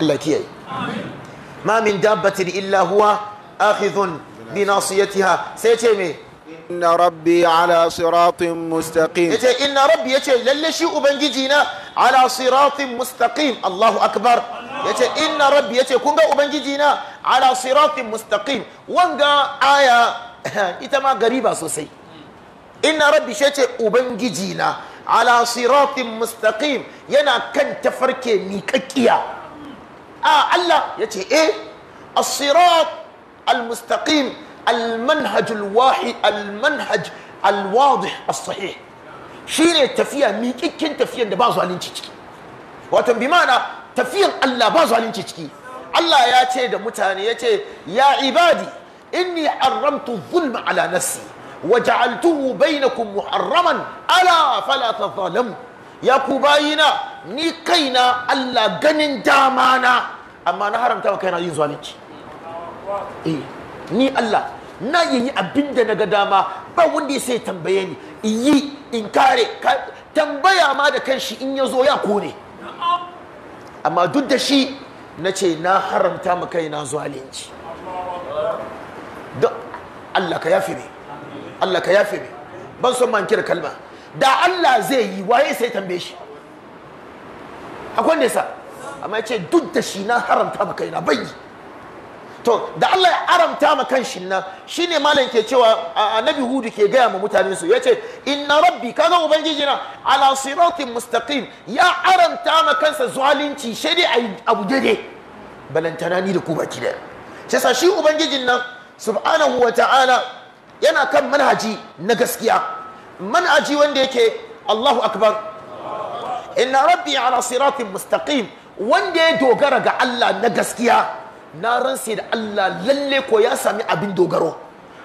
Allah kiyaye ma min dabbatin illa huwa akhidhun bi nasiyatiha sai ce me inna rabbi ala siratin mustaqim yace inna rabbi yace lalle shi ubangiji na ala siratin mustaqim Allahu akbar yace inna rabbi yace kun ga ubangiji na ala siratin mustaqim wanga aya ita ma gariba sosai Ina rabbi shi ce ubangiji na ala siratin mustaqim yana kan tafarke miƙaƙƙiya a Allah ya ce eh as-sirat al-mustaqim al-manhaj al-wahi al-manhaj al-wadih as-sahih shine tafiya miƙaƙƙin tafiyan da ba zalunci ciki wato bi ma'ana tafiyan Allah ba zalunci ciki Allah ya ce da mutane ya ce ya ibadi inni haramtu zulma ala nafsi waja'altuhu bainakum muharraman ala fala tadhalamu ya ku bayina ni kaina Allah ganin dama na amma na haramta wa kaina yin zalunci eh ni Allah na yi abinda na ga dama ba wanda sai tambaye ni yi in kare tambaya ma da kanshi in yazo ya kone amma duk da shi na ce na haramta ma kaina zalunci Allah ka yafi ne Allah ka yafe mai ban son man kira kalma da Allah zai yi waye sai tambaye shi akwai da amma ya ce duk da shi na haramta maka yana bai to da Allah ya haramta ma kan shi na, shine malam ke cewa annabi hudu ke gaya ma mutane su Ya ce, inna rabbi kaga ubangiji na ala siratin mustaqim ya haramta ma kansa zalunci shi dai abu daidai balantana ni da ku baki da shi ubangijin nan subhanahu wa ta'ala yana kan manhaji na gaskiya manhaji wanda yake Allahu akbar inna rabbi ala siratin mustaqim wanda ya dogara ga Allah na gaskiya na ransa da Allah lalle ko ya sami abin dogaro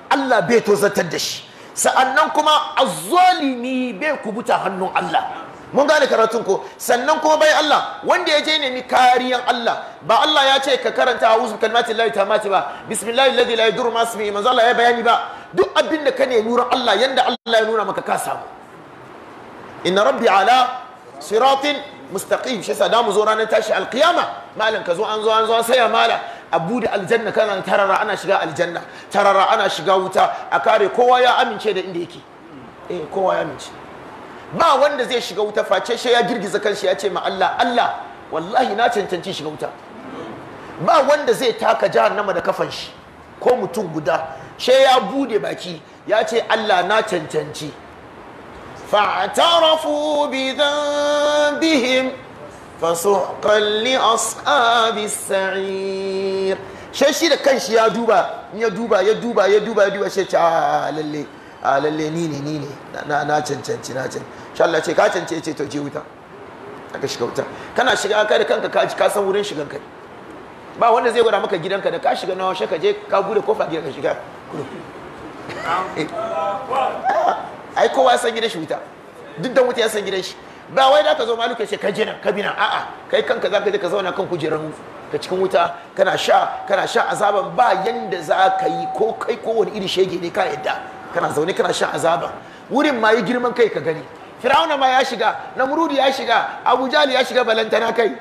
Allah bai tozartar da shi sa'annan kuma azzalimi bai kubuta hannun Allah mun gane karatun ko sannan kuma bai Allah wanda ya je nemi kariyan Allah ba Allah ya ce ka karanta a'udhu kalimati llahi tamati ba bismillahi alladhi la yadurru ma ismihi manzo Allah ya bayani ba duk abin da ka ne nura Allah yanda Allah ya nuna maka ka samu inna rabbi ala siratin mustaqim shi da mu zo ranar tashi alqiyama malan ka zo an zo an zo an saya mala a bude aljanna kana tarara ana shiga aljanna tarara ana shiga wuta a kare kowa ya amince da inda yake eh kowa ya amince ba wanda zai shiga wuta face shi ya girgiza kanshi ya ce ma Allah Allah wallahi na cancanci shiga wuta ba wanda zai taka jahannama da kafan shi ko mutum guda she ya bude baki ya ce Allah na cancanci fa'tarafu bi dhanbihim fasuqan li ashabis sa'ir she shi da kanshi ya duba ya duba ya duba ya duba ya duba she ce ah, lalle a lalle ni ne ni ne na cancanci na can shi Allah ce ka cancance ce to je wuta aka shiga wuta kana shiga kai da kanka ka ka san wurin shigan kai ba wanda zai gwada maka gidanka da ka shiga nawa ka je ka bude kofa gidan ka shiga ai kowa san gidan shi wuta duk dan wuta ya san gidan shi ba wai da ka zo maluka ce ka jina ka bina a'a kai kanka zaka je ka zauna kan kujerar ka cikin wuta kana sha kana sha azaban ba yanda za ka yi ko kai ko wani iri shege ne ka yadda kana zaune kana shan azaba wurin ma yi girman kai ka gani fir'auna ma ya shiga namurudi ya shiga abu jali ya shiga balantana kai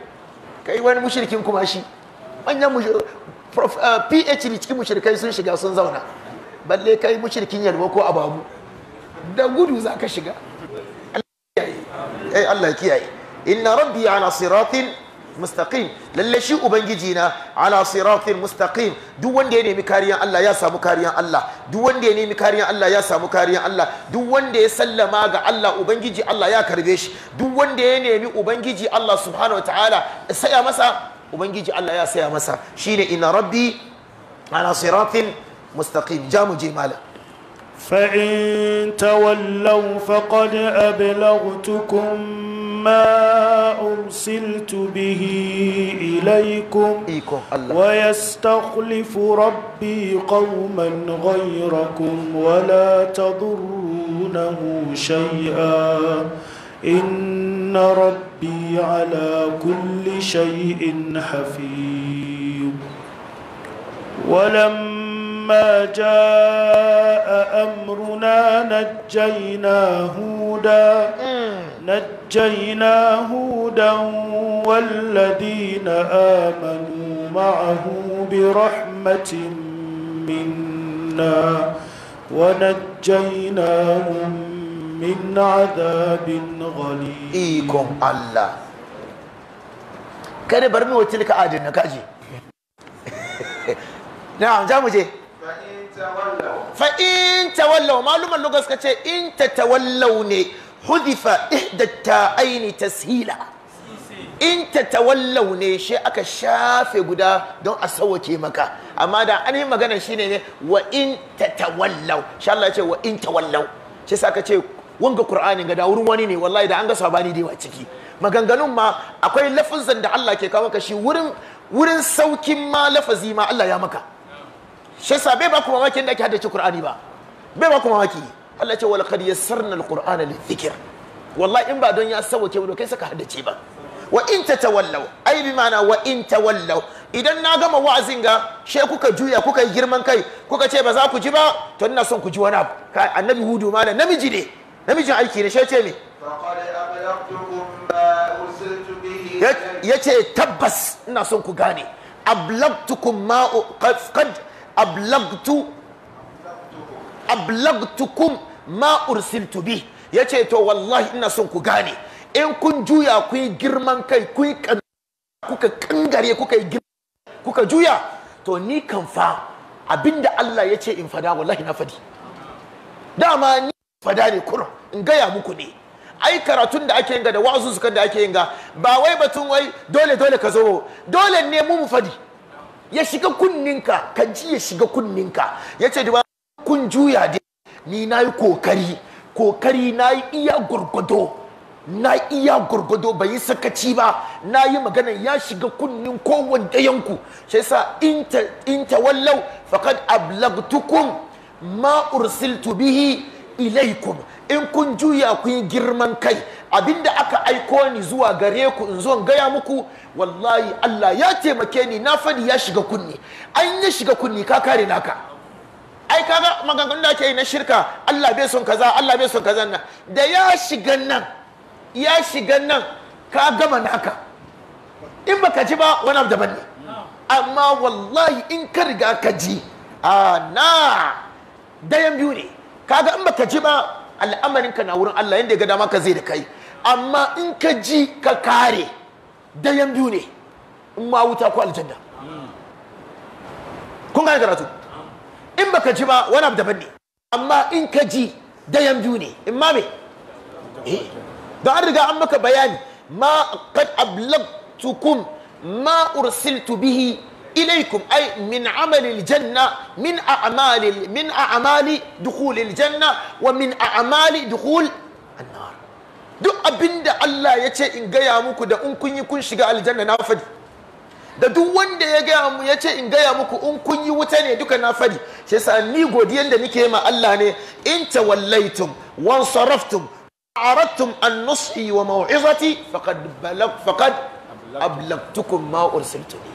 kai wani mushirikin kuma shi manyan phd eh, cikin mushrikai sun shiga sun zauna balle kai mushirikin yalwa ko ababu da gudu za ka shiga Allah eh, kiyaye inna rabbi ala siratin mustaqim lalle shi ubangiji na ala siratin mustaqim duk wanda ya nemi kariyan Allah ya samu kariyan Allah duk wanda ya nemi kariyan Allah ya samu kariyan Allah duk wanda ya sallama ga Allah ubangiji Allah ya karbe shi duk wanda ya nemi ubangiji Allah subhanahu wataala saya masa ubangiji Allah ya saya masa shine ina rabbi ala siratin mustaqim jamu je malam فإن تولوا فقد أبلغتكم ما أرسلت به إليكم ويستخلف ربي قوما غيركم ولا تضرونه شيئا إن ربي على كل شيء حفيظ ولما فلما جاء أمرنا نجينا هودا نجينا هودا والذين آمنوا معه برحمة منا ونجيناهم من عذاب غليظ إيكم الله كان برمي وتلك عادل نكاجي نعم جامو جي fa'in tawallau maluman lugar suka ce in ta tawallau ne hudifa ihdatta aini tashila in ta tawallau ne shi aka shafe guda don a sauwake maka amma da an yi magana shine ne wa in ta tawallau sha Allah ce wa in tawallau shi sa ka ce wanga Qur'ani gada wurin wani ne wallahi da an ga sabani da yawa ciki maganganun ma akwai lafazin da Allah ke kawo maka shi wurin wurin saukin ma lafazi ma Allah ya maka shi bai ba ku mamakin da ake haddace Qur'ani ba bai ba ku mamaki Allah ce wa ya yassarna al-Qur'ana lidh wallahi in ba don ya sauke ba kai saka haddace ba wa in tatawallaw ai bi ma'ana wa in idan na gama wa'azin ga she kuka juya kuka yi girman kai kuka ce ba za ku ji ba to ina son ku ji wani abu annabi hudu ma namiji ne namijin aiki ne she ce me ya ce tabbas ina son ku gane ablabtukum ma qad ablagtu ablagtukum ma ursiltu bi yace to wallahi ina son ku gane in kun juya ku yi girman kai ku yi kuka kangare kuka yi kuka juya to ni kan fa abinda Allah ya ce in fada wallahi na fadi dama ni fada ne kurum in gaya muku ne ai karatun da ake yin ga da kan da ake yin ga ba wai batun wai dole dole ka zo dole ne mu mu fadi ya shiga kunninka ka ji ya shiga kunninka ya ce da kun juya dai ni na yi kokari kokari na yi iya gurgudo na iya gurgudo bai yi sakaci ba na yi magana ya shiga kunnin kowanne yanku shi yasa in ta wallau faqad ablagtukum ma ursiltu bihi ilaikum in kun juya kun yi girman kai abinda aka aiko ni zuwa gare ku in zo gaya muku wallahi Allah ya taimake ni na fadi ya shiga kunni an ya shiga kunni ka kare naka ai kaga maganganun da ake yi na shirka Allah bai son kaza Allah bai son kaza nan da ya shiga nan ya shiga nan ka gama naka in baka ji ba wani abu daban ne amma wallahi in ka riga ka ji a ah, na dayan biyu ne kaga in baka ji ba al'amarin ka na wurin Allah yanda ya ga dama ka zai da kai amma in ka ji ka kare dayan biyu ne in ma wuta ko aljanna kun ga karatu in baka ji ba wani abu daban ne amma in ka ji dayan biyu ne in ma me eh. don an riga an maka bayani ma qad ablagtukum ma ursiltu bihi إليكم أي من عمل min a'mali أعمال من أعمال دخول الجنة ومن أعمال دخول النار duk abinda Allah ya ce in gaya muku da in kun yi kun shiga aljanna na fadi da duk wanda ya gaya mu ya ce in gaya muku in kun yi wuta ne duka na fadi shi yasa ni godiyan da nike ma Allah ne in tawallaitum wan saraftum aradtum an nushi wa mau'izati faqad balag faqad ablagtukum ma ursiltuni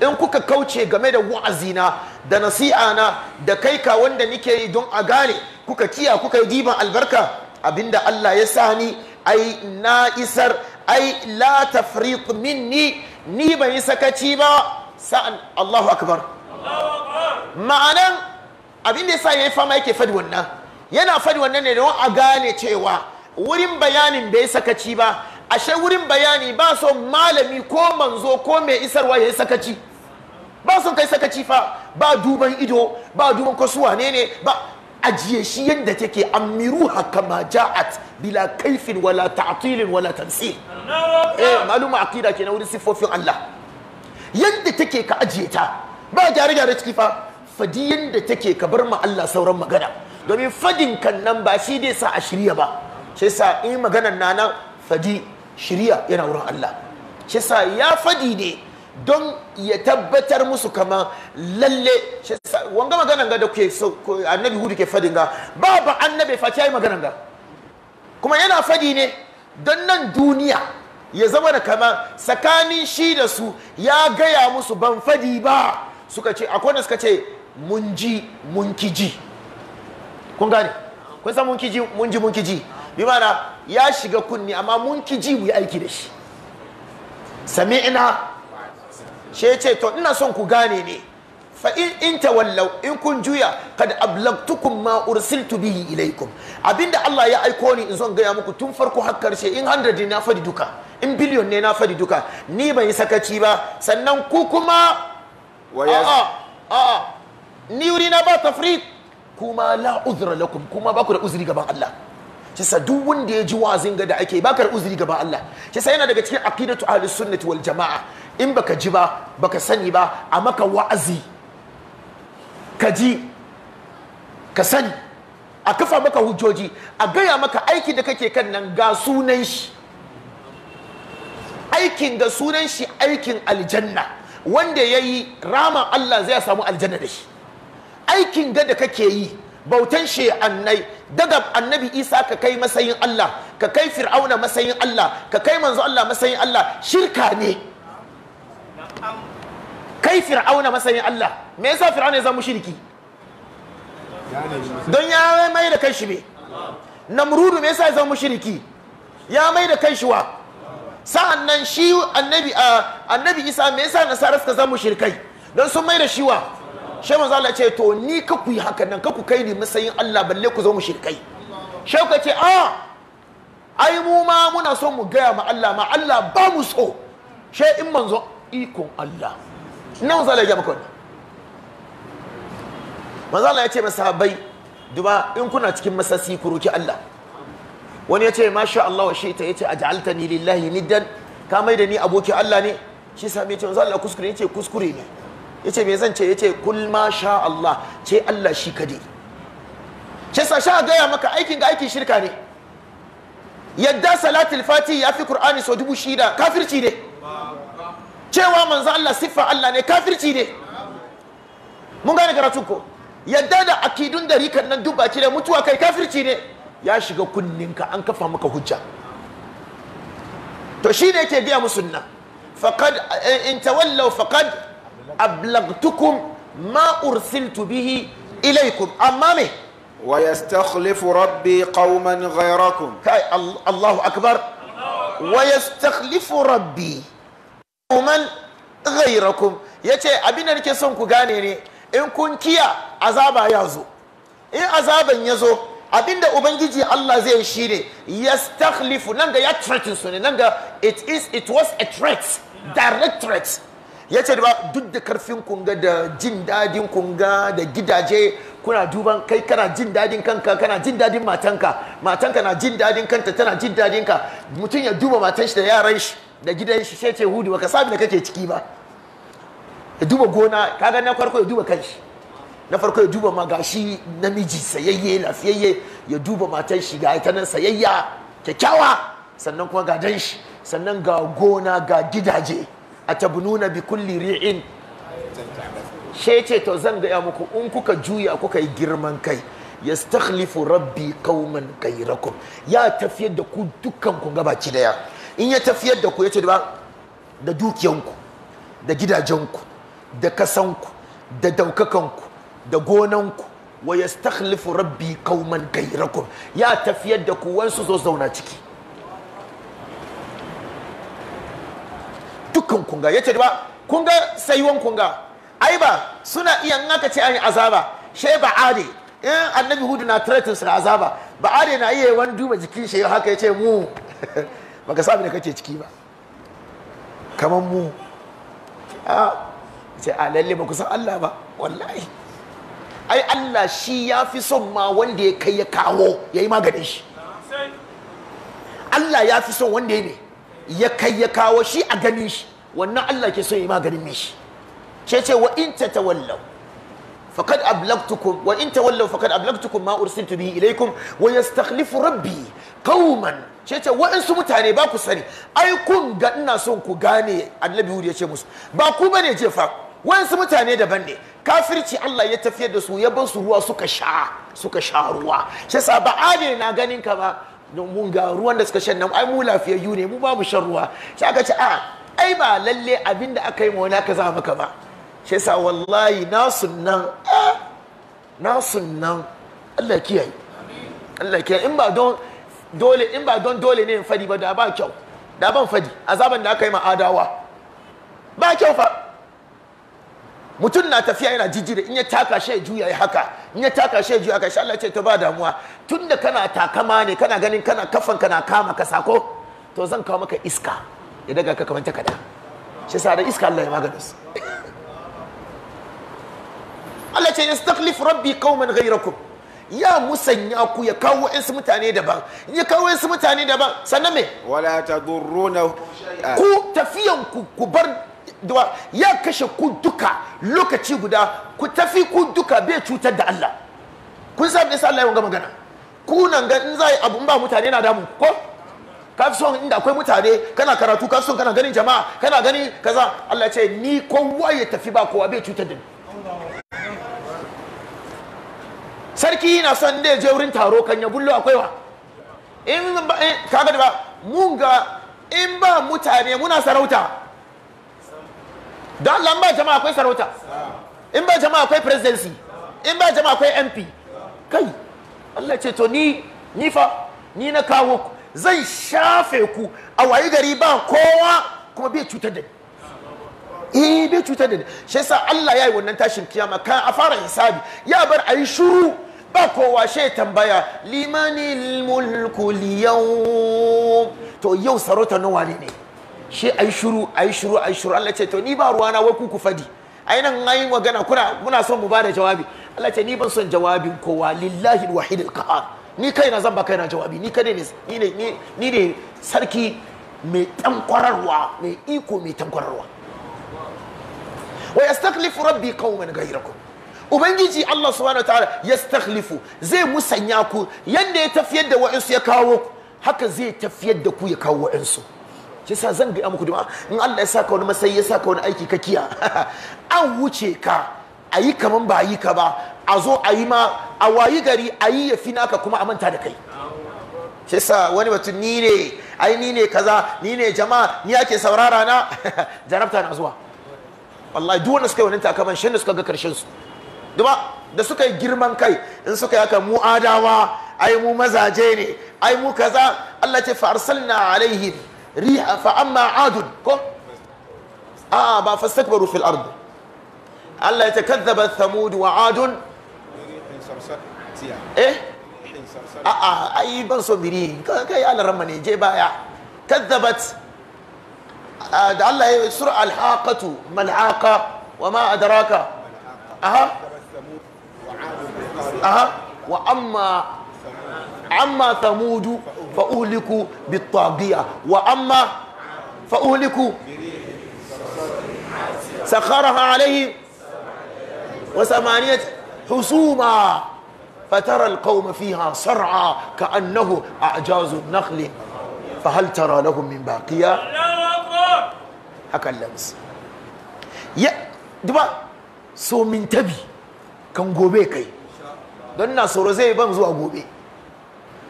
in kuka kauce game da wa'azina da nasi'ana da kai ka wanda nike yi don a gane kuka kiya kuka yi diban albarka abinda Allah ya sa ni ai na isar ai la tafriq minni ni ban yi sakaci ba sa'an Allahu akbar ma'anan abinda ya sa ya yi fama yake fadi wannan yana fadi wannan ne don a gane cewa wurin bayanin bai sakaci ba ashe wurin bayani ba so malami ko manzo ko mai isarwa ya yi sakaci ba kai sakaci fa ba duban ido ba duban kwasuwa ne ne ba ajiye shi yadda take amiru haka ma ja'at bila kaifin wala ta'atilin wala tansi eh maluma aqida kenan wurin siffofin Allah yadda take ka ajiye ta ba gyare gyare ciki fa fadi yadda take ka bar ma Allah sauran magana domin fadin kan nan ba shi dai sa a shirya ba sai sa in maganan na nan fadi shirya yana wurin Allah shi sa ya faɗi ne don ya tabbatar musu kama lalle wanga magana ga da kuke annabi hudu ke fadin ga babu annabi fati yi magana ga kuma yana faɗi ne don nan duniya ya zama da kama tsakanin shi da su ya gaya musu ban faɗi ba suka ce akwai wanda suka ce mun ji mun kiji kun gane kun san mun kiji mun ji mun kiji bi mana ya shiga kunni amma mun ki ji mu aiki da shi sami'na shi ce to ina son ku gane ne fa in wallau, in kun juya kad ablagtukum ma ursiltu bihi ilaikum abinda Allah ya aiko ni in son gaya muku tun farko har karshe in 100 na fadi duka in biliyon ne na fadi duka ni ban yi sakaci ba sannan ku kuma a a ni wuri na ba tafriq kuma la uzra lakum kuma ba ku da uzuri gaban Allah kisa duk wanda ya ji wazin ga da ake bakar uzuri gaba Allah kisa yana daga cikin aqidatu ahli sunnati wal jamaa in baka ji ba baka sani ba a maka wa'azi ka ji ka sani a kafa maka hujjoji a gaya maka aiki da kake kan nan ga sunan shi aikin ga sunan shi aikin aljanna wanda yayi yi rama Allah zai samu aljanna da shi aikin ga da kake yi bautan shi annai daga annabi isa ka kai masayin allah ka kai fir'auna masayin allah ka kai manzo allah masayin allah shirka ne kai fir'auna masayin allah me yasa fir'auna ya zama shirki don ya mai da kanshi shi ne namrudu me yasa ya zama shirki ya mai da kanshi wa sa'an nan shi ah, annabi isa me yasa nasara suka zama shirkai don sun mai da shi wa shi manzo Allah ce to ni ka ku yi hakan nan ka ku kai ni matsayin Allah balle ku zo mu shirkai shi ka ce a ah, ai mu ma muna son mu gaya ma Allah ma Allah ba mu so shi in manzo ikon Allah nan manzo Allah ya maka wannan maza Allah ya ce masa masahabai duba in kuna cikin masasi ku roki Allah wani ya ce masha Allah wa shi ta yace aj'altani lillahi niddan ka mai da ni aboki Allah ne shi sami ya ce maza Allah kuskure ya ce kuskure ne yace me zan ce yace kul ma sha Allah ce Allah shi kade ce sa sha gaya maka aikin ga aikin shirka ne yadda salatul fati ya fi qur'ani so dubu shida kafirci ne cewa manzo Allah siffa Allah ne kafirci ne mun gane karatu ko yadda da akidun da rikan nan duk baki da mutuwa kai kafirci ne ya shiga kunninka an kafa maka hujja to shine yake biya musunna faqad eh, in tawallaw faqad ablagtukum ma ursiltu bihi ilaikum amma me wa yastakhlifu rabbi qauman ghayrakum kai Allahu akbar wa yastakhlifu rabbi qauman ghayrakum yace abin da nake son ku gane ne in kun kiya azaba ya zo in azaban ya zo abinda ubangiji Allah zai shi ne ya yastakhlifu nan ga ya threatin su ne nan ga it is it was a threat direct threat ya ce ba duk da karfin kunga da jin dadin kunga da gidaje kuna duban kai kana jin dadin kanka kana jin dadin matanka matanka na jin dadin kanta tana jin dadin ka mutum ya duba matan shi da yaran shi da gidan shi sai ce hudu baka sabi da kake ciki ba ya duba gona kaga na farko ya duba kanshi na farko ya duba ma namiji sayayye lafiyayye ya duba matan shi ga ita nan sayayya kyakkyawa sannan kuma ga dan shi sannan ga gona ga gidaje a atabnuna bi kulli ri'in she ce to zan gaya muku in kuka juya kuka yi girman kai ya yastakhlifu rabbi qauman ghayrakum ya tafiyar da ku dukkan ku gabaci daya in ya tafiyar da ku yace da da dukiyanku da gidajenku da kasanku da daukakanku da gonanku wa yastakhlifu rabbi qauman ghayrakum ya tafiyar da ku wansu zo zauna ciki dukkan kunga ya ce ba kunga sayuwan kunga ai ba suna iya in aka ce an yi azaba shai ba ade in annabi hudu na threatin su azaba ba ade na iya wani duba jikin shi haka ya ce mu ba ka sami da kake ciki ba kamar mu a ce a lalle ba ku san Allah ba wallahi ai Allah shi ya fi son ma wanda ya kai ya kawo ya yi maganin shi Allah ya fi son wanda ya ne ya kai ya kawo shi a ganin shi wannan Allah ke so ya maganin mishi ce ce wa in tawallau faqad ablagtukum wa in wallau faqad ablaktukun ma ursiltu bihi ilaykum wa yastakhlifu rabbi qauman ce ce su mutane ba ku sani ai kun ga ina son ku gane annabi hudu ya ce musu ba ku bane je fa su mutane daban ne kafirci Allah ya tafiyar da su ya bar su ruwa suka sha ruwa shi sa ba na ganin ka ba mun ga ruwan da suka shan nan ai mu lafiyayyu ne mu babu shan ruwa sai aka ce a ah, ai ba lalle abin da aka yi ma wani aka za maka ba shi yasa wallahi na sunnan, eh, na sunnan. Allah kiyaye Allah kiyaye in ba don dole in ba don dole ne in fadi ba da ba kyau da ban fadi azaban da aka yi ma adawa ba kyau fa mutum na tafiya yana jijjiri in ya taka shi juya ya haka in ya taka shi juya haka shi Allah ce to ba damuwa tunda kana takama ne kana ganin kana kafan kana kama ka sako to zan kawo maka iska ya daga ka kamar kada shi sa da iska Allah ya magana su Allah ce yastaklif rabbi qauman ghayrakum ya musanya ku ya kawo su mutane daban ya kawo su mutane daban sannan me wala tadurruna ku tafiyan ku ku bar ya kashe ku duka lokaci guda ku tafi ku duka bai cutar da Allah kun san me Allah ya ga magana ku nan ga in zai abun ba mutane na damu ko ka fi son inda akwai mutane kana karatu ka son kana ganin jama'a kana gani kaza Allah ya ce ni kowa ya tafi ba kowa bai cutar da ni sarki yana son da je wurin taro kan ya bullo akwai wa in eh, kaga da ba mun ga in ba mutane muna sarauta don ba jama'a akwai sarauta in ba jama'a akwai presidency in ba jama'a akwai mp kai allah ce to ni ni fa ni na kawo ku zan shafe ku a wayi gari ba kowa kuma bai cutar da ni eh bai cutar da ni shi yasa allah ya yi wannan tashin kiyama kan a fara hisabi ya bar a yi shuru ba kowa she tambaya limanil mulku yau to yau sarauta nawa ne ne shi ai shuru ai shuru ai shuru Allah ce to ni ba ruwana wai ku ku fadi ai nan ai magana kuna muna son mu bada jawabi Allah ce ni ban son jawabin kowa lillahi alwahid alqahar ni kaina zan ba kaina jawabi ni kai ne ni ne ni ne sarki mai tankwararwa mai iko mai tankwararwa wa yastakhlifu rabbi qauman ghayrakum ubangiji Allah subhanahu ya stakhlifu zai musanya ku yanda ya tafiyar da wa'insu ya kawo haka zai tafiyar da ku ya kawo waɗansu. shi sa zan ga muku dima in Allah ya saka wani masayi ya saka wani aiki ka kiya an wuce ka ayi yi kaman ba yi ka ba a zo a yi ma a wayi gari a yi ya fi naka kuma a manta da kai shi sa wani mutum ni ne ai ni ne kaza ni ne jama'a ni ake saurara na jarabta na zuwa wallahi duk wanda suka yi wani takaman shi ne suka ga karshen su duba da suka yi girman kai in suka yi haka mu adawa ai mu mazaje ne ai mu kaza Allah ce fa arsalna alaihim ريح فاما عاد اه فاستكبروا في الارض الا يتكذب ثمود وعاد ايه اه, آه، اي بن صبري كاي على رمني جي بايا كذبت آه، الله يسرع الحاقه ما وما ادراك اها اها واما عما ثمود فأهلكوا بالطاغية وأما فأهلكوا سخرها عليهم وثمانية حصوما فترى القوم فيها صرعى كأنه أعجاز النخل فهل ترى لهم من باقية هكا اللمس يا دبا سو من تبي كان غوبي kai don na زي بان ban غوبي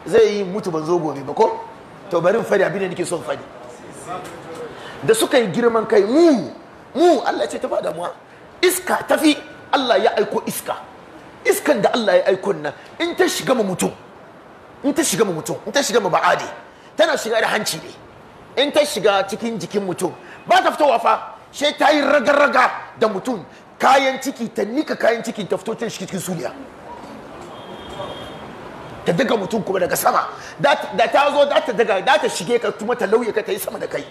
zai yi mutu ban zo gobe ba ko to bari fadi abin da nake son fadi da suka yi girman kai mu mu Allah ce ta fada muwa. iska tafi Allah ya aiko iska iskan da Allah ya aiko nan in ta shiga mu mutum in ta shiga mu mutum in ta shiga mu ba'adi tana shiga da hanci ne in ta shiga cikin jikin mutum ba ta fitowa fa sai ta yi raga-raga da mutum kayan ciki ta nika kayan ciki ta fito ta cikin suriya. ta daga mutum kuma daga sama da ta zo da ta daga da ta shige ka kuma ta lauye ka ta yi sama da kai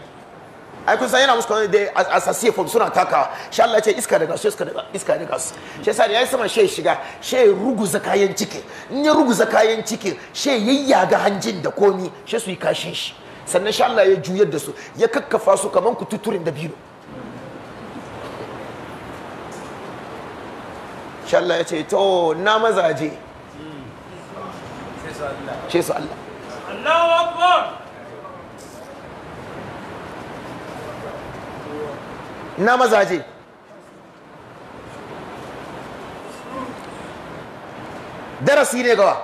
ai kun san yana musu da asasiye fom suna takawa sha Allah ce iska daga su iska daga iska daga su shi yasa yayi sama shi shiga ya ruguza kayan ciki in ya ruguza kayan ciki she yayyaga hanjin da komi shi su yi kashin shi sannan sha Allah ya juyar da su ya kakkafa su kaman kututurin da biyu sha Allah ya ce to na mazaje ce su Allah Allahu Akbar ina mazaje darasi ne gawa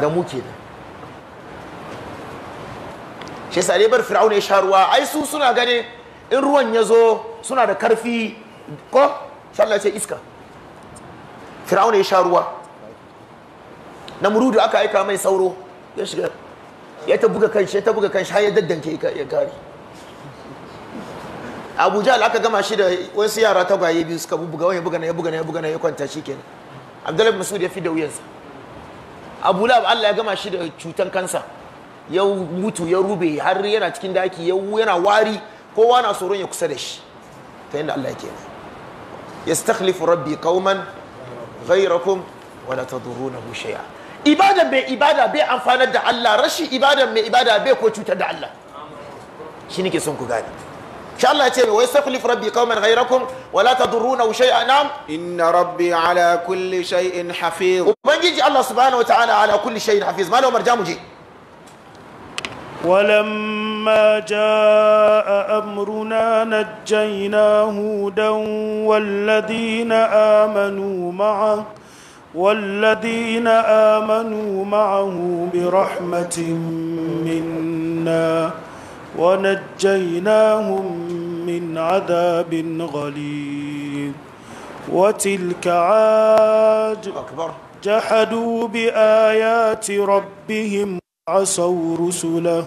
da muke da shi yasa dai bar fir'auna ya sha ruwa ai su suna gane in ruwan ya zo suna da karfi ko sallah ce iska fir'auna ya sha ruwa na murudu aka aika mai sauro ya shiga ya ta buga kanshi ya ta buga kanshi har ya daddanke ya kare Abuja jahal aka gama shi da wasu yara tagwaye biyu suka buga wani buga na ya buga na ya buga na ya kwanta shi kenan abdullahi bin masud ya fi da wuyansa abu lab allah ya gama shi da cutan kansa ya mutu ya rube har yana cikin daki ya yana wari kowa na tsoron ya kusa da shi ta yadda allah ke yastakhlifu rabbi qauman ghayrakum wa la tadurrunahu shay'a ibada mai ibada bai amfanar da Allah rashin ibada mai ibada bai ko cutar da Allah shi nake son ku gane insha Allah ce wa yastakhli fi rabbi qauman ghayrakum wa la tadurruna shay'an nam inna rabbi ala kulli shay'in hafiz ubangiji Allah subhanahu wataala ala kulli shay'in hafiz malam marja muje ولما جاء أمرنا نجينا هودا والذين آمنوا معه والذين آمنوا معه برحمة منا ونجيناهم من عذاب غليظ وتلك عاد أكبر جحدوا بآيات ربهم عصوا رسله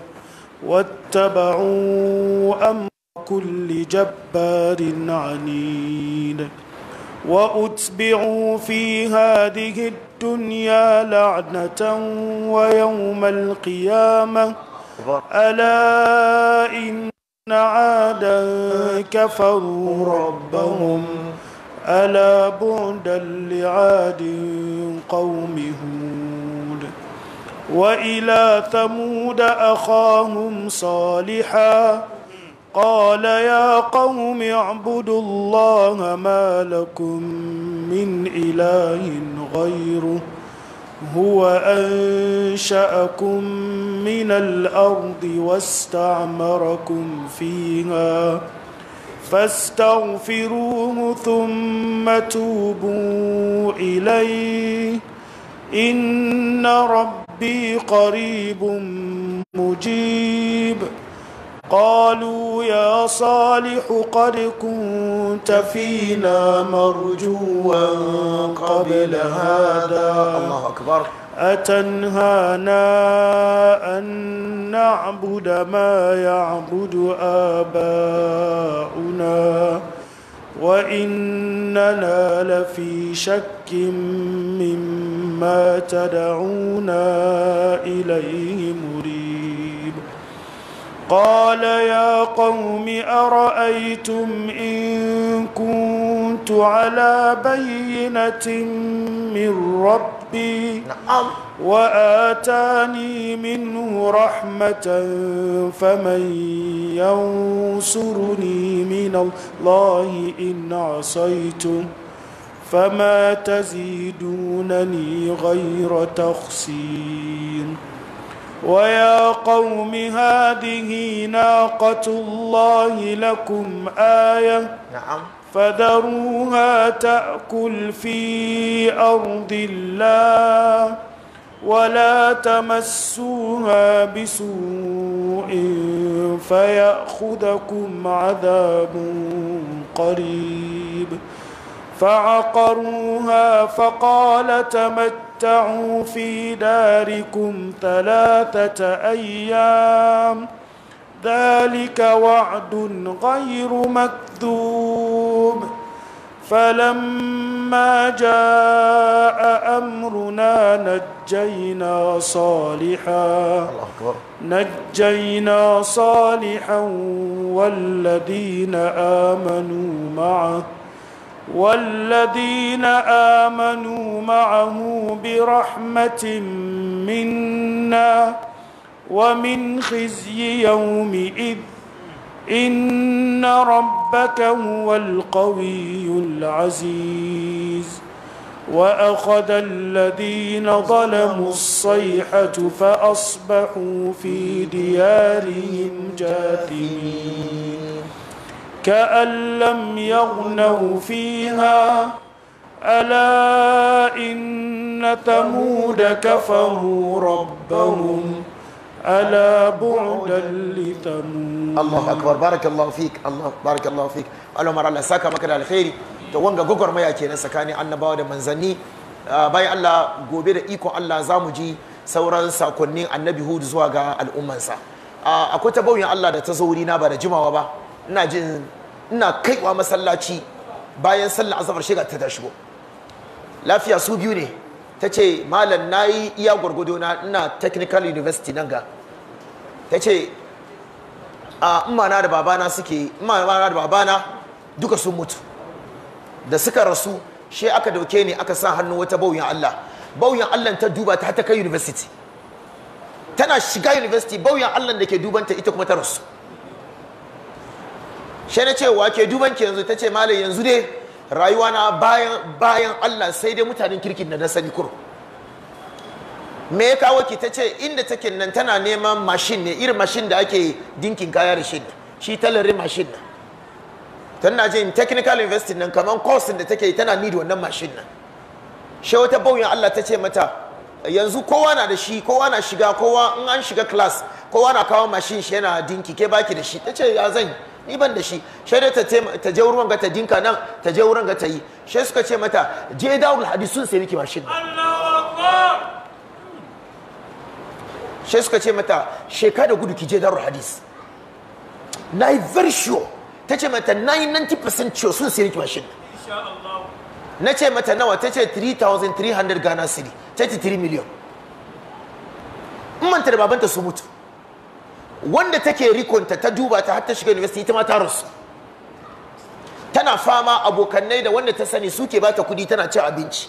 واتبعوا أمر كل جبار عنيد واتبعوا في هذه الدنيا لعنه ويوم القيامه الا ان عادا كفروا ربهم الا بعدا لعاد قوم هود والى ثمود اخاهم صالحا قال يا قوم اعبدوا الله ما لكم من إله غيره هو أنشأكم من الأرض واستعمركم فيها فاستغفروه ثم توبوا إليه إن ربي قريب مجيب قالوا يا صالح قد كنت فينا مرجوا قبل هذا الله أكبر أتنهانا أن نعبد ما يعبد آباؤنا وإننا لفي شك مما تدعونا إليه مريب قال يا قوم أرأيتم إن كنت على بينة من ربي نعم. وآتاني منه رحمة فمن ينصرني من الله إن عصيتم فما تزيدونني غير تخسير ويا قوم هذه ناقة الله لكم آية نعم فذروها تأكل في أرض الله ولا تمسوها بسوء فيأخذكم عذاب قريب فعقروها فقال تمت تمتعوا في داركم ثلاثة أيام ذلك وعد غير مكذوب فلما جاء أمرنا نجينا صالحا نجينا صالحا والذين آمنوا معه والذين امنوا معه برحمه منا ومن خزي يومئذ ان ربك هو القوي العزيز واخذ الذين ظلموا الصيحه فاصبحوا في ديارهم جاثمين كأن لم يغنوا فيها ألا إن تمود كفروا ربهم ألا بعدا لتمود الله أكبر بارك الله فيك الله بارك الله فيك اللهم الله ساكا الخير to wanga tsakanin annabawa da manzanni bayan Allah gobe da iko Allah za mu ji sauran sakonnin annabi hudu zuwa ga al'ummansa akwai ta Allah da ta zo na ba da jimawa ba ina jin ina kaiwa masallaci bayan sallar azabar shiga ta tashi shigo lafiya su biyu ne ta ce malam na yi iya gwargwado na ina technical university nan ga ta ce a imana da babana suke imana da babana duka sun mutu da suka rasu shi aka dauke ni aka sa hannu wata bauyin Allah bauyin Allah ta duba ta ta kai university tana shiga university bauyin Allah da ke dubanta ita kuma ta rasu shi na ce wa ke duban ki yanzu ta ce malam yanzu dai rayuwa na bayan bayan Allah sai dai mutanen kirkin da na sani kuro me ya kawo ki ta ce inda take nan tana neman mashin ne irin mashin da ake dinkin kaya da shi shi talarin mashin na tana je technical investing nan kamar course da take tana need wannan mashin nan shi wata bauyin Allah ta ce mata yanzu kowa na da shi kowa na shiga kowa in an shiga class kowa na kawo mashin shi yana dinki ke baki da shi ta ce ya zan ni ban da shi shai da ta je wurin ga ta dinka nan ta je wurin ga ta yi shai suka ce mata je dawul hadis sun sai miki mashin Shai suka ce mata sheka da gudu ki je dawul hadis na yi very sure ta ce mata na yi 90% ciwo sun sai miki mashin na ce mata nawa ta ce 3,300 ghana city 33 miliyon. in manta da babanta su mutu wanda take rikonta ta duba ta har ta shiga university ita ma ta rasu tana fama abokannai da wanda ta sani suke ba ta kudi tana cin abinci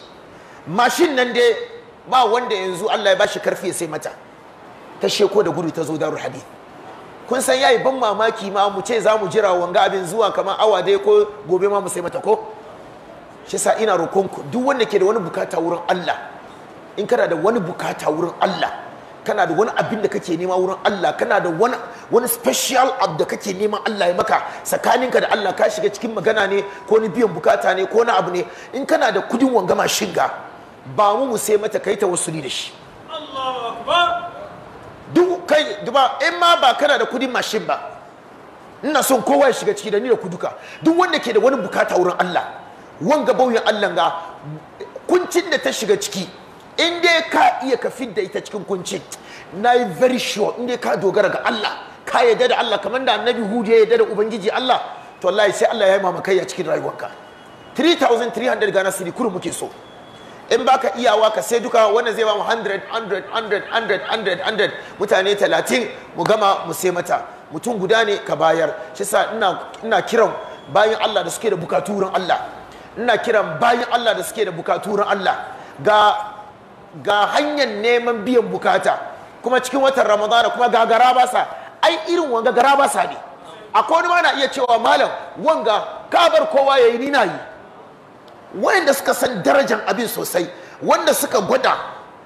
mashin nan dai ba wanda yanzu Allah ya bashi karfi ya sai mata ta sheko da gudu ta zo darul hadi kun san yayi ban mamaki ma mu ce za mu jira wanga abin zuwa kamar awa dai ko gobe ma mu sai mata ko shi sa ina roƙonku duk wanda ke da wani bukata wurin Allah in kana da wani bukata wurin Allah kana da wani abin da kake nema wurin Allah kana da wani wani special abu da kake nema Allah ya maka tsakaninka da Allah ka shiga cikin magana ne ko ni biyan bukata ne ko na abu ne in kana da kudin wanga mashin ga ba mu mu sai mata kai ta ni da shi Allahu duk kai duba in ma ba kana da kudin mashin ba ina son kowa ya shiga ciki da ni da kuduka duk wanda ke da wani bukata wurin Allah wanga bauyin Allah ga kuncin da ta shiga ciki in dai ka iya ka fidda ita cikin kunci na yi very sure in dai ka dogara ga Allah ka yadda da Allah kamar da annabi hudu ya yadda da ubangiji Allah to wallahi sai Allah ya yi mamakai a cikin rayuwarka 3300 gana siri kuru muke so in baka iyawa ka sai duka wannan zai ba mu 100 100 100 100 mutane 30 mu gama mu sai mata mutum guda ne ka bayar shi sa ina kiran bayan Allah da suke da bukatu Allah ina kiran bayan Allah da suke da bukatu Allah ga ga hanyar neman biyan bukata kuma cikin watan ramadana kuma ga sa ai irin wanga Gara sa ne A wani ma na iya cewa malam wanga kabar kowa yi ni na yi wanda suka san darajan abin sosai wanda suka gwada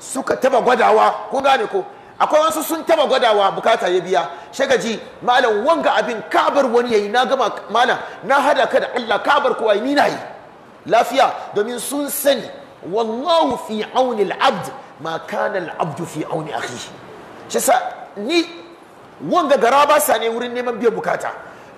suka taba gwadawa ko gane ko akwai wasu sun taba gwadawa bukata ya biya shagaji malam wanga abin kabar wani ya yi na gama malam na hada ka da Allah kabar kowa ya ni na yi lafiya domin sun sani wallahu fi aunil al-abd ma kana al-abd fi auni akhihi shi sa ni wanga gara ba sa ne wurin neman biyan bukata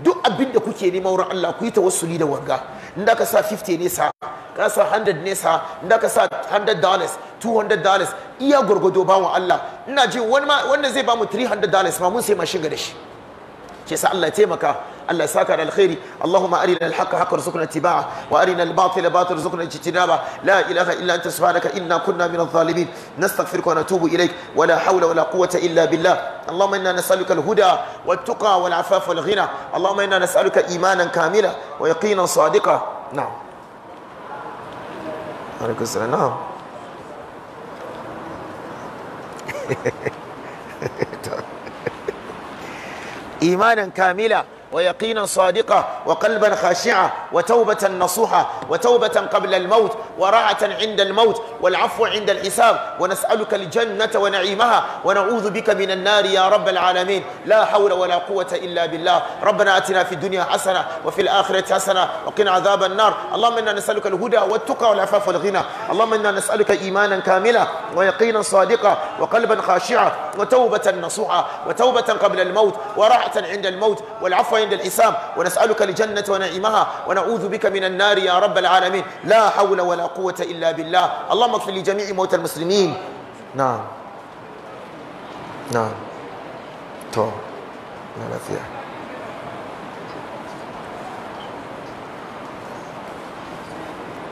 duk abin da kuke nema wurin Allah ku yi tawassuli da wanga inda ka sa 50 nesa, ka sa 100 nesa, sa inda ka sa 100 dollars 200 dollars iya gurgudo bawan Allah ina ji wanda zai ba mu 300 dollars ma mun sai mashin ga da shi shi sa Allah ya taimaka الله يساك على الخير اللهم أرنا الحق حق ارزقنا اتباعه وأرنا الباطل باطل ارزقنا اجتنابه لا إله إلا أنت سبحانك إنا كنا من الظالمين نستغفرك ونتوب إليك ولا حول ولا قوة إلا بالله اللهم إنا نسألك الهدى والتقى والعفاف والغنى اللهم إنا نسألك إيمانا كاملا ويقينا صادقا نعم عليكم السلام نعم إيمانا كاملا ويقينا صادقا وقلبا خاشعا وتوبة نصوحة وتوبة قبل الموت وراعة عند الموت والعفو عند الحساب ونسألك الجنة ونعيمها ونعوذ بك من النار يا رب العالمين لا حول ولا قوة إلا بالله ربنا أتنا في الدنيا حسنة وفي الآخرة حسنة وقنا عذاب النار اللهم إنا نسألك الهدى والتقى والعفاف والغنى اللهم إنا نسألك إيمانا كاملا ويقينا صادقا وقلبا خاشعا وتوبة نصوحة وتوبة قبل الموت وراعة عند الموت والعفو عند الإسلام ونسألك الجنة ونعيمها ونعوذ بك من النار يا رب العالمين لا حول ولا قوة إلا بالله اللهم اغفر لجميع موتى المسلمين نعم نعم تو لا فيها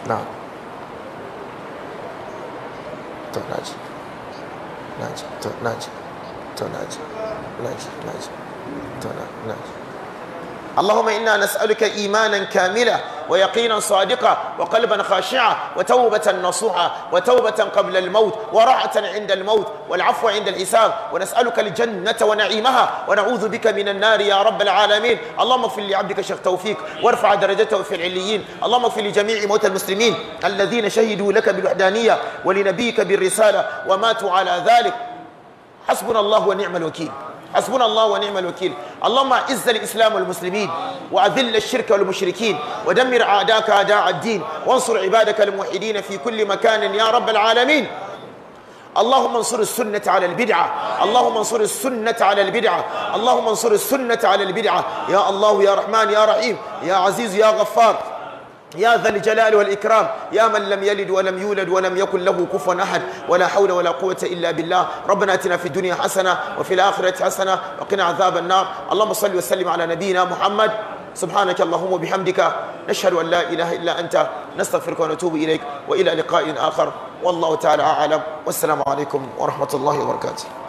نعم تو ناجي ناجي تو ناجي تو ناجي ناجي ناجي تو ناجي اللهم إنا نسألك إيمانا كاملا ويقينا صادقا وقلبا خاشعا وتوبة نصوحا وتوبة قبل الموت ورعة عند الموت والعفو عند الحساب ونسألك الجنة ونعيمها ونعوذ بك من النار يا رب العالمين اللهم اغفر لعبدك شيخ توفيق وارفع درجته في العليين اللهم اغفر لجميع موتى المسلمين الذين شهدوا لك بالوحدانية ولنبيك بالرسالة وماتوا على ذلك حسبنا الله ونعم الوكيل حسبنا الله ونعم الوكيل اللهم اعز الاسلام والمسلمين واذل الشرك والمشركين ودمر اعداءك اعداء الدين وانصر عبادك الموحدين في كل مكان يا رب العالمين اللهم انصر السنة على البدعة اللهم انصر السنة على البدعة اللهم انصر السنة على البدعة يا الله يا رحمن يا رحيم يا عزيز يا غفار يا ذا الجلال والإكرام يا من لم يلد ولم يولد ولم يكن له كفوا أحد ولا حول ولا قوة إلا بالله ربنا اتنا في الدنيا حسنة وفي الآخرة حسنة وقنا عذاب النار اللهم صل وسلم على نبينا محمد سبحانك اللهم وبحمدك نشهد أن لا إله إلا أنت نستغفرك ونتوب إليك وإلى لقاء آخر والله تعالى أعلم والسلام عليكم ورحمة الله وبركاته